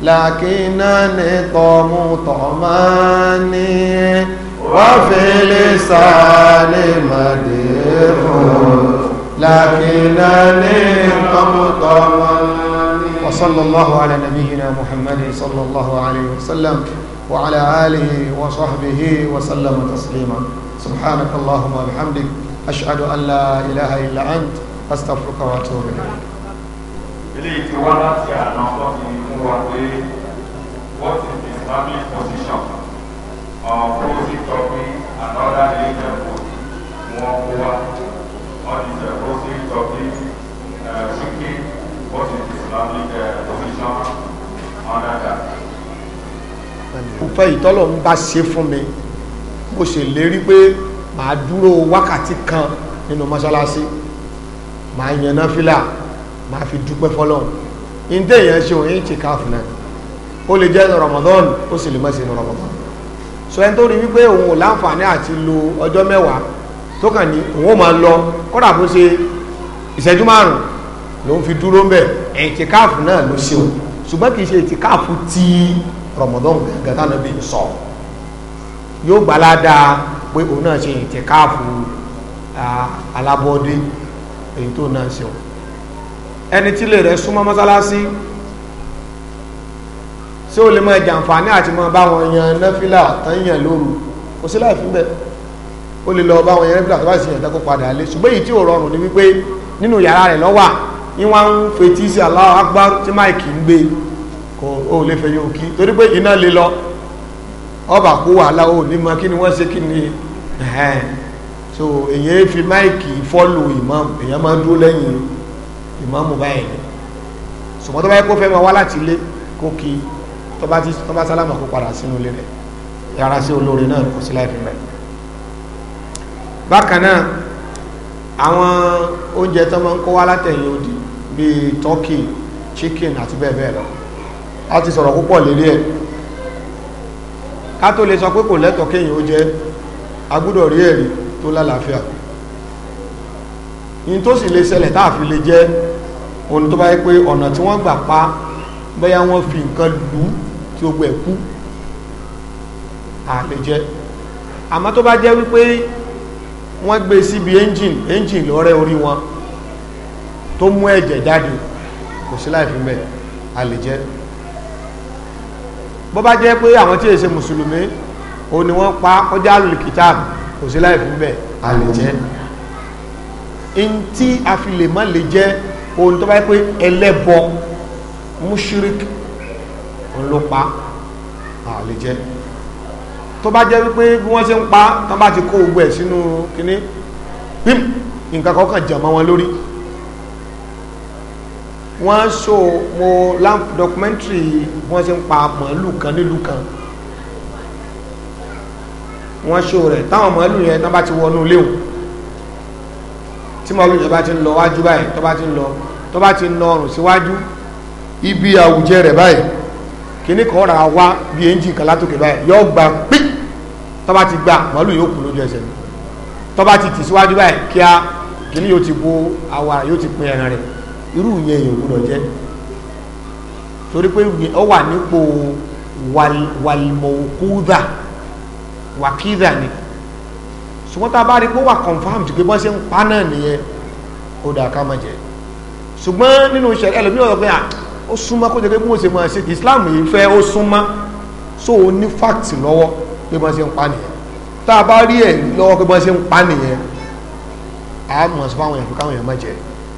لكن نطم طماني وفي لسان مديح لكنني مطمئن وصلى الله على نبينا محمد صلى الله عليه وسلم وعلى آله وصحبه وسلم تسليما سبحانك اللهم وبحمدك أشهد أن لا إله إلا أنت أستغفرك وأتوب إليك eléyìí ti wá láti àná wọ́n ti opposite of it, another religion would want over. What is the uh, wicked, what is Islamic uh, position under that? Ìfẹ́ ìtọ́lọ̀ ń bá ṣe fún mi, mo ṣe lérí pé màá dúró wákàtí kan nínú mọ́ṣáláṣí, màá yẹn náfìlà, màá fi dúpẹ́ fọ́lọ́run. Ìdé èèyàn ṣe òun ṣe káàfù náà. Ó lè jẹ́ Ramadan, ó sì lè má ṣe Ramadan sọ ẹni tó rí wípé òun ò láǹfààní àti lo ọjọ́ mẹ́wàá tó kàn ní òun ò máa lọ kódà bó ṣe ìṣẹ́jú márùn ló ń fi dúró ń bẹ̀ ẹ̀ǹtìkáàfù náà ló ṣe o ṣùgbọ́n kì í ṣe ẹ̀ǹtìkáàfù ti Ramadan gàgàtà náà bí sọ yóò gbalada pé òun náà ṣe ẹ̀ǹtìkáàfù alábọ́ọ́dé èyí tó náà ṣe o ẹni tí lè rẹ súnmọ́ mọ́sálásí ṣé o lè máa jàǹfààní àti máa bá wọn yan náfìlà tán yàn lóru kò sí láì fi bẹ́ẹ̀ o lè lọ bá wọn yan náfìlà tó bá sì yàn dákó padà lé ṣùgbọ́n èyí tí ò rọrùn ni wípé nínú yàrá rẹ̀ lọ́wà ní wọ́n ń fetí sí Allahu Akbar tí máìkì ń gbé kò o lè fẹ́ yóò kí torí pé iná lè lọ ọba kó wàhálà o ní mọ kí ni wọ́n ṣe kí ni so èyàn fi máìkì fọ́lù ìmáàmù èyàn máa dúró lẹ́yìn ìmáàmù báyìí ṣùgbọ́n tó bá tó bá ti tó bá sálámà kó padà sínú ilé rẹ̀ yàrá sí olóore náà kò sí láìpẹ́ rẹ̀ bákan náà àwọn oúnjẹ tó máa ń kó wá látẹ̀yìn odi bíi turkey chicken àti bẹ́ẹ̀ bẹ́ẹ̀ lọ a ti sọ̀rọ̀ púpọ̀ lérí ẹ̀ ká tó lè sọ pé kò lẹ́tọ̀ọ́ kéèyàn ó jẹ agbúdọ̀ rí ẹ̀rí tó lálàáfíà yìí tó sì lè ṣẹlẹ̀ tá a fi lè jẹ́ òun tó bá yẹ pé ọ̀nà tí wọ́n gbà pa bóyá wọ́n fi nǹkan lù kí gbogbo ẹ̀ kú àlè jẹ́ àmọ́ tó bá jẹ́ wípé wọ́n gbé síbi engine engine lọ́rẹ́ orí wọn tó mú ẹ̀jẹ̀ jáde kò sí láì fi mẹ́ àlè jẹ́ bó bá jẹ́ pé àwọn tí èsè mùsùlùmí o ni wọ́n pa ọjà lùkìtàbù kò sí láì fi mẹ́ àlè jẹ́ in tí a fi lè má lè jẹ́ ohun tó bá jẹ́ pé ẹlẹ́bọ mushrik òun ló pa àwọn lè jẹ tó bá jẹ́ wípé bí wọ́n ṣe ń pa tán bá ti kó gbogbo ẹ̀ sínú kinní pim nǹkan kọ̀ọ̀kan jẹ̀ mọ́ wọn lórí wọ́n so mo lamp documentary wọ́n ṣe ń pa màálù kan nílùú kan wọ́n so rẹ̀ táwọn màálù yẹn tán bá ti wọnú léwu tí màálù yẹn bá ti ń lọ wájú báyìí tó bá ti ń lọ tó bá ti ń nọrùn síwájú ibi àwùjẹ rẹ̀ báyìí kíní kan ra wá bí ẹnjì kan látòkè báyìí yọ gba pí tọ́ba ti gba màálù yóò kú lójú ẹsẹ̀ tọ́ba ti tì síwájú báyìí kíá kíní yóò ti bo àwa yóò ti pin ẹran rẹ̀ irú yẹn yóò gbúdọ̀ jẹ́ torí pé ó wà nípò wàlmọ̀kúdà wàkídà ni ṣùgbọ́n tá a bá rí pé ó wà confirmed pé bọ́n ṣe ń pa náà nìyẹn ó dà ká má jẹ́ ṣùgbọ́n nínú ìṣẹ̀lẹ̀ ẹlòmíràn ọ̀gbìn à ó súnmọ́ kó jẹ́ pé mo ṣe máa ṣe islam yìí fẹ́ ó súnmọ́ so ó ní fact lọ́wọ́ pé mo ṣe ń pa nìyẹn tá a bá rí ẹ̀ lọ́wọ́ pé mo ṣe ń pa nìyẹn a mọ̀ sí fáwọn èèyàn káwọn èèyàn má jẹ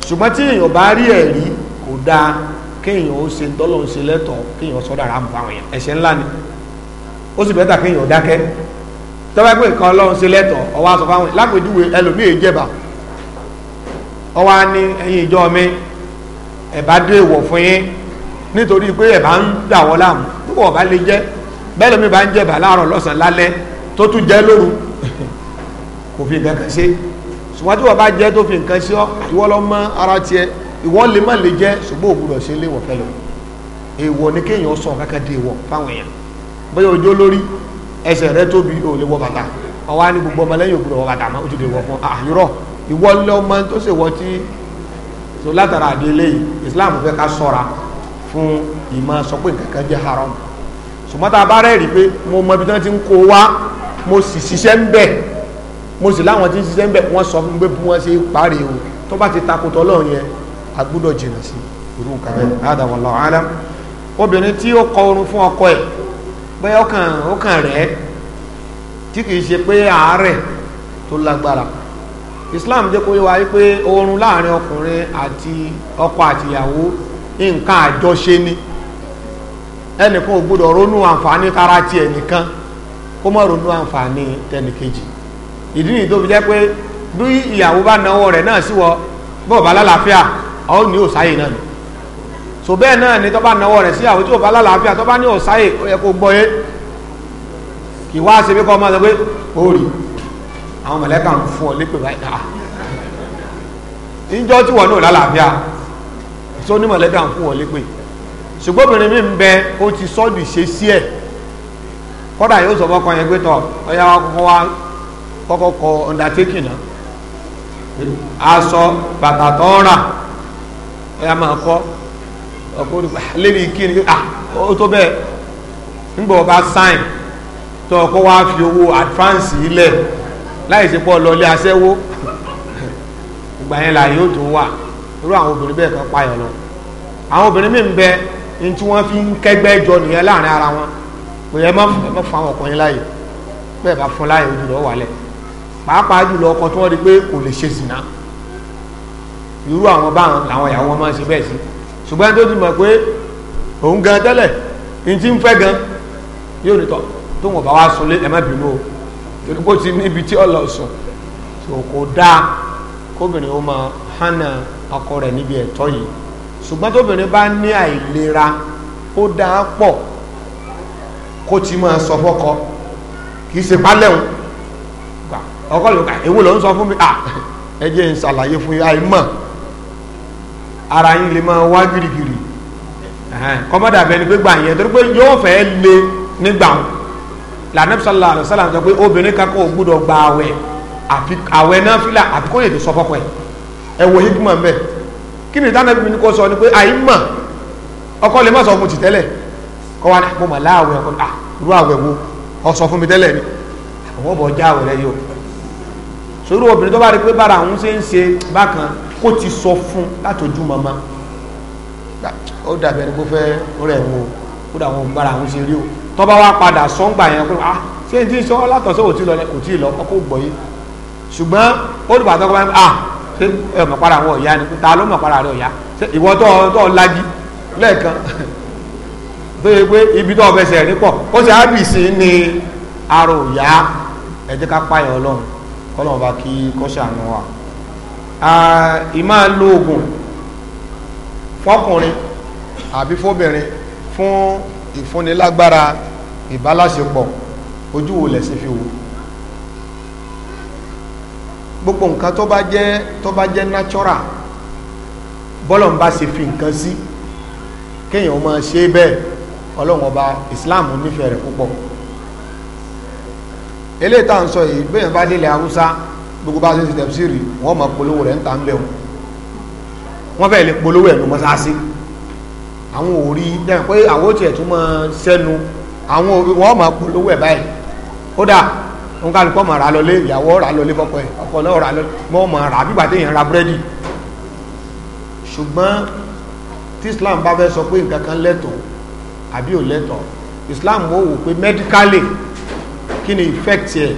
ṣùgbọ́n tí èèyàn bá rí ẹ̀ rí kò dáa kéèyàn ó ṣe dọ́lọ́ ń ṣe lẹ́tọ̀ọ́ kéèyàn sọ́dọ̀ ara mọ̀ fáwọn èèyàn ẹ̀ṣẹ̀ ńlá ni ó sì bẹ́tà kéèyàn dákẹ́ tọ́wọ́ pé ẹ̀bá dé ìwọ̀ fún yín nítorí pé ẹ̀bá ń dà wọ́n láàmú púpọ̀ ọ̀bá lè jẹ́ bẹ́ẹ̀ lómi bá ń jẹ́ ẹ̀bá láàárọ̀ lọ́sàn-án lálẹ́ tó tún jẹ́ lóru kò fi nǹkan kan ṣe ṣùgbọ́n tí wọ́n bá jẹ́ tó fi nǹkan ṣe ọ́ ìwọ lọ mọ ara tiẹ̀ ìwọ lè má lè jẹ́ ṣùgbọ́n òwúrọ̀ ṣe léwọ̀ fẹ́lẹ̀ èèwọ̀ ni kéèyàn sọ kankan di èèwọ̀ fáwọn èèyàn bóyá ojú olórí ẹsẹ̀ rẹ tóbi ò lè wọ bàtà ọwọ́ á ní gbogbo ọmọlẹ́yìn òwúrọ̀ wọ bàtà mọ́ ó ti dè wọ̀ fún àyúrọ̀ ah, ìwọ lọ́mọ tó ṣèwọ́ tí so látara àdélé islam fẹ́ ká sọ́ra fún ìmọ̀ sọ pé nǹkan kan jẹ́ haram ṣùgbọ́n tá a bá rẹ́rìí pé mo mọ ibi tí wọ́n ti ń kó wá mo sì ṣiṣẹ́ ń bẹ̀ mo sì láwọn tí ń ṣiṣẹ́ ń bẹ̀ wọ́n sọ fún mi pé bí wọ́n ṣe parí o tó bá ti takotọ́ lọ́rùn yẹn a gbọ́dọ̀ jìnnà sí irú nǹkan bẹ́ẹ̀ hada wallahu alam obìnrin tí ó kọ orun fún ọkọ ẹ̀ bẹ́ẹ̀ ọkàn ọkàn rẹ̀ tí kì í ṣe pé àárẹ̀ tó lágbára Islam jẹ́ kó yé wa wípé oorun láàrin ọkùnrin àti ọkọ àtìyàwó nǹkan àjọṣe ni ẹnìkan ò gbọdọ̀ ronú àǹfààní tara ti ẹnìkan kó mọ̀ ronú àǹfààní tẹnìkejì ìdí nìyí tó fi jẹ́ pé bí ìyàwó bá náwó rẹ̀ náà sí wọ bọ́ọ̀ bá lálàáfíà ọ̀ ní òsáyè náà ni so bẹ́ẹ̀ náà ni tó bá náwó rẹ̀ sí àwọn tí ò bá lálàáfíà tó bá ní òsáyè ó yẹ kó gbọ́yé kì wá ṣe bí kọ́ ọmọ sọ pé ó rí i àwọn mọ̀lẹ́kà ń fún ọ lépè báyìí náà ah. ìjọ tí wọn náà lálàáfíà ní mọ̀lẹ́kà ń fún ọ lépè ṣùgbọ́n mi ń bẹ ó ti ṣe sí ẹ̀ kọ́dà yóò sọ fọ́kàn yẹn pé kọ́kọ́ wa kọ́kọ́ kọ náà aṣọ bàtà tó ń rà máa kọ́ ah, ni ah, ó tó bẹ́ẹ̀ ńgbọ̀ wa fi owó láì sí pọ́ lọlé aṣẹ́wó ìgbà yẹn láàyè ó tó wà irú àwọn obìnrin bẹ́ẹ̀ kan payọ̀ lọ àwọn obìnrin mi ń bẹ ní tí wọ́n fi ń kẹ́gbẹ́ jọ nìyẹn láàrin ara wọn pé ẹ má fún àwọn ọkùnrin láàyè bẹ́ẹ̀ bá fún láàyè ojú lọ wàlẹ̀ pàápàá jùlọ ọkọ tí wọ́n rí pé kò lè ṣe sìnà irú àwọn báwọn làwọn ìyàwó wọn máa ń ṣe bẹ́ẹ̀ sí ṣùgbọ́n tó ti mọ̀ pé òun gan tẹ́lẹ̀ ní ti ń fẹ́ gan yóò ní tọ́ tó wọn bá wá sunlé ẹ má bínú o torí pé ó níbi tí ọlọ sùn tó kò dáa kóbìnrin ó máa hánà ọkọ rẹ níbi ẹ̀tọ́ yìí ṣùgbọ́n tóbìnrin bá ní àìlera ó dáa pọ kó ti máa sọ fọ́kọ kì í ṣe pálẹ̀hùn ọkọ ló èwo ló ń sọ fún mi à ah, ẹ jẹ́ ń ṣàlàyé fún ara yín lè máa wá gírígírí kọ́mọ́dà bẹ́ẹ̀ ni pé gbà yẹn yóò fẹ́ nígbà wọn lànà bisalòlá àlùsálà sọ pé obìnrin kankan ò gbúdọ̀ gba àwẹ̀ àfi àwẹ̀ náà fìlà àfi kó yètò sọfọ́kọ ẹ̀ ẹ wo hikma mbẹ kí ni ìdáná bíbí ni kò sọ ni pé àyè mà ọkọ lè má sọ fún ti tẹ́lẹ̀ kọ́ wa ni mo mà láàwẹ̀ ọkọ à ah, irú àwẹ̀ wo ọ sọ fún mi tẹ́lẹ̀ ni àwọn ọbọ̀ já àwẹ̀ rẹ yìí o sórí obìnrin tó bá rí pé bára àwọn ṣe ń ṣe bákan kó ti sọ fún látọjú mama ó dàbẹ̀ ni kó fẹ́ rẹ̀ wo kó dà wọn bára àwọn ṣe rí o tọ́ba wa padà sọ́ngbà yẹn pé ah ṣé n ti sọ látọ̀sọ́ ò tí lọ kò tí lọ ọkọ̀ gbọ̀ yìí ṣùgbọ́n ó dùgbà ah ṣé ẹ mọ̀ para àwọn ọ̀yá ni ta ló mọ̀ para rẹ̀ ọ̀yá ṣé ìwọ tó tó lagi lẹ́ẹ̀kan tó yẹ pé ibi tó fẹsẹ̀ rí pọ̀ ó ṣe ábìsí ni arò ọ̀yá ẹ jẹ́ ká pààyàn ọlọ́run kọ́lọ́run bá kí kọ́ṣà nù wa ìmáa lo fọkùnrin àbí fóbìnrin fún ìfúnnilágbára ìbálàṣepọ̀ ojú wo lẹ̀sìn fi wò gbogbo nǹkan tó bá jẹ́ tó bá jẹ́ natural bọ́lọ̀ ń bá se fi nǹkan sí kéèyàn máa ṣe bẹ́ẹ̀ ọlọ́run ọba Islam nífẹ̀ẹ́ rẹ̀ púpọ̀ eléyìí tá à ń sọ yìí bẹ́ẹ̀ bá délé haúsá gbogbo bá ṣe ti tẹ̀síìrì wọ́n máa polówó rẹ̀ ń ta ń bẹ̀ wọ́n fẹ́ẹ̀ lè polówó ẹ̀ ló mọ́ sáá sí àwọn ò rí dẹ́n pé àwọn ò tiẹ̀ tún mọ sẹ́nu àwọn wọ́n máa polówó ẹ̀ báyìí kódà wọn kàn kọ́ máa rà lọlé ìyàwó rà lọlé fọkọ ẹ̀ ọkọ náà rà lọlé wọ́n máa rà bí gbàdé yẹn ra búrẹ́dì ṣùgbọ́n tí Islam bá fẹ́ sọ pé nǹkan kan lẹ́tọ̀ọ́ àbí ò lẹ́tọ̀ọ́ Islam ó wò pé medically kí ni effect ẹ̀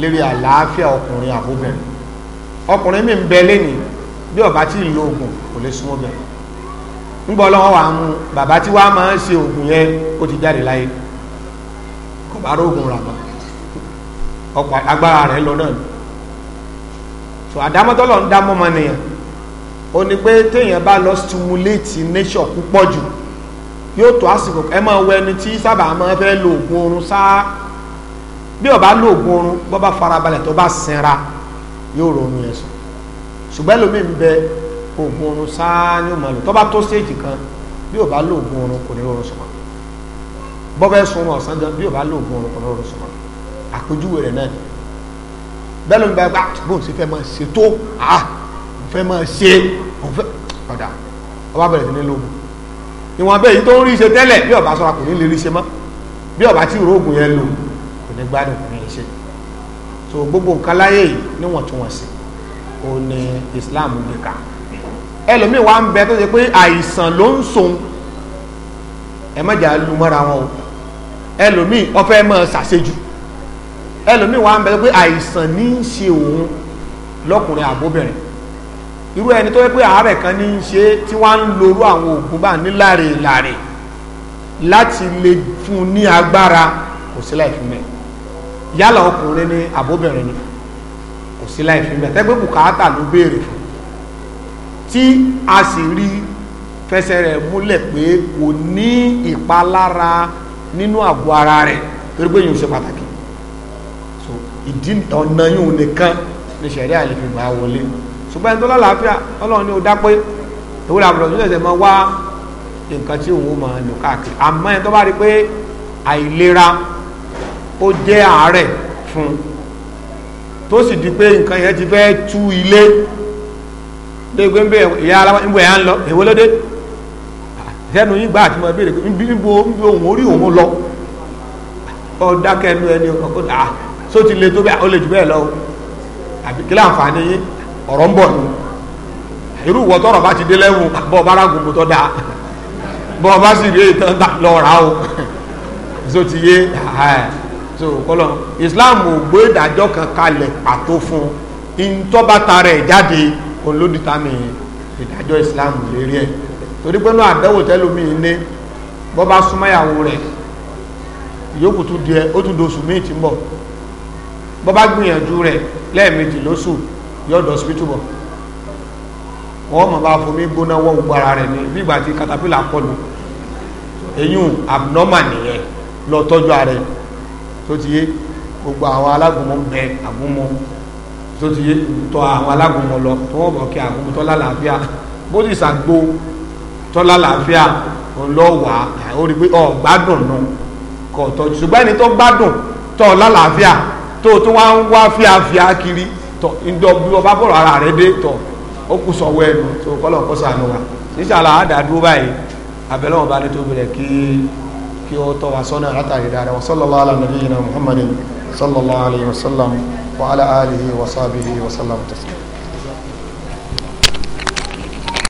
lérí àlàáfíà ọkùnrin àbóbẹ̀rẹ̀ ọkùnrin mi ń bẹ lẹ́nìí bí ọba tí ì lo oògùn kò lè súnmọ́ bẹ̀rẹ̀ ńgbọ́ wa mú bàbá tí wàá máa ń ṣe oògùn yẹn ó ti jáde láyé kò bá rógùn rà mọ́ ọ̀pọ̀ agbára rẹ̀ lọ náà so àdámọ́tọ́lọ̀ ń dá mọ́mọ́ nìyẹn ó ní pé téèyàn bá lọ stimulate nature púpọ̀ jù yóò tó àsìkò ẹ máa wọ ẹni tí sábà máa fẹ́ lo oògùn oorun sáá bí ó lo oògùn oorun bó bá farabalẹ̀ tó bá sinra yóò ronú yẹn sùn ṣùgbọ́n lómi ń bẹ oògùn oorun sáá ni ó máa lò tó bá tó stage kan bí ò bá lo oògùn oorun kò ní rọrùn sùn mọ́ bọ́bẹ́ sun ọ̀sán gan bí ò bá lo oògùn oorun kò ní rọrùn sùn mọ́ àpèjúwe rẹ̀ náà ni bẹ́ẹ̀ ló ń bá ah, bóun sì fẹ́ máa ṣe tó à ah, fẹ́ máa ṣe òun fẹ́ ọ̀dà ọba bẹ̀rẹ̀ sí ní lóògùn ìwọ̀n abẹ́ yìí tó ń rí ṣe tẹ́lẹ̀ bí ọba sọ́ra kò ní lè rí ṣe mọ́ bí ọba tí ìrógùn yẹn lò kò ní gbádùn kò ní lè ṣe so gbogbo nǹkan láyé yìí níwọ̀ntúnwọ̀nsì òun ni Islam gbé ká ẹlòmíì wá ń bẹ tó ṣe pé àìsàn ló ń sòun ẹ mọ̀jà lu mọ́ra wọn o ẹlòmíì ọ̀fẹ́ mọ̀ ṣàṣejù ẹlòmíì wá ń bẹ tó pé àìsàn ní í ṣe òun lọ́kùnrin àbóbìnrin irú ẹni tó yẹ pé àárẹ̀ kan ní í ṣe tí wọ́n ń lorú àwọn oògùn bá ní láre láre láti lè fún un ní agbára kò sí láì fún mẹ́ yálà ọkùnrin ni àbóbìnrin ni kò sí láì fún mẹ́ tẹ́gbẹ́ bùkátà ló béèrè fún tí a sì rí fẹsẹ̀ rẹ̀ múlẹ̀ pé kò ní ìpalára nínú àgọ́ ara rẹ̀ torí pé yìí ṣe pàtàkì so ìdí ọ̀nà yìí nìkan ní sẹ̀rí àlefi gbà wọlé ṣùgbọ́n ẹni tó lálàáfíà ọlọ́run ní o dápé ìwúrà àbúrò yóò ṣẹ̀ṣẹ̀ máa wá nǹkan tí òun máa lò káàkiri àmọ́ ẹni tó bá rí pé àìlera ó jẹ́ àárẹ̀ fún tó sì di pé nǹkan yẹn ti fẹ́ tú ilé tó gbé ń bẹ ìyá ara ń bọ ẹ̀yà ń lọ èwo ló dé sẹ́nu yín gbà àti mọ̀ béèrè níbo níbo òun orí òun lọ ọ dákẹ́ ẹnu ẹni ọkọ̀ à só ti le tó bẹ́ẹ̀ ó lè jù bẹ́ẹ̀ lọ o àbí kí láǹfààní yín ọ̀rọ̀ ń bọ̀ ni irú ìwọ tọrọ bá ti dé lẹ́wọ̀n bọ́ ọba ara gòkò tó dáa bọ́ ọba sì rí ìtàn lọ rà o só ti yé so kọlọ Islam ò gbé ìdájọ́ kan kalẹ̀ pàtó fún un ìtọ́bátara ẹ̀ jáde olódìtàmì ìdájọ́ islam lérí ẹ̀ torí pé náà àdánwò tẹ́lómìn ní bọ́ bá súnmọ́yàwó rẹ̀ ìyókù tún di ẹ ó tún dosù míì tí ń bọ̀ bọ́ bá gbìyànjú rẹ̀ lẹ́ẹ̀mejì lóṣù yọ̀dọ̀ hospital bọ̀ wọ́n mọ̀ bá fomi gbóná wọ́n gbogbo ara rẹ̀ ní nígbà tí katapila kọlu eyín abnormal nìyẹn lọ tọ́jú ara rẹ̀ tó ti yé gbogbo àwọn alágùnmọ̀ bẹ àgúnmọ̀ tó ti tọ àwọn alágùnmọ̀ lọ tọwọ́ bọ̀ kí àgùnmọ̀ tọ́lá làáfíà bó sì ṣàgbo tọ́lá làáfíà ọlọ́wà ó rí pé ọ gbádùn náà kọ̀ tọ́ ṣùgbọ́n ẹni tó gbádùn tọ́ lálàáfíà tó tó wá ń wá fíafíà kiri tọ́ ìjọ bí ọba bọ̀rọ̀ ara rẹ̀ dé tọ́ ó kù sọ̀wọ́ ẹnu tó kọ́lọ̀ kọ́ sànù wa níṣàlá àdàdúró báyìí abẹ́lẹ́wọ̀n bá ní tó bẹ̀rẹ̀ kí kí ó tọ́ wa sọ́nà látàrí dáadáa wa sallallahu ala nabiyyina muhammadin sallallahu alayhi wa sallam وعلى آله وصحبه وسلم تسليما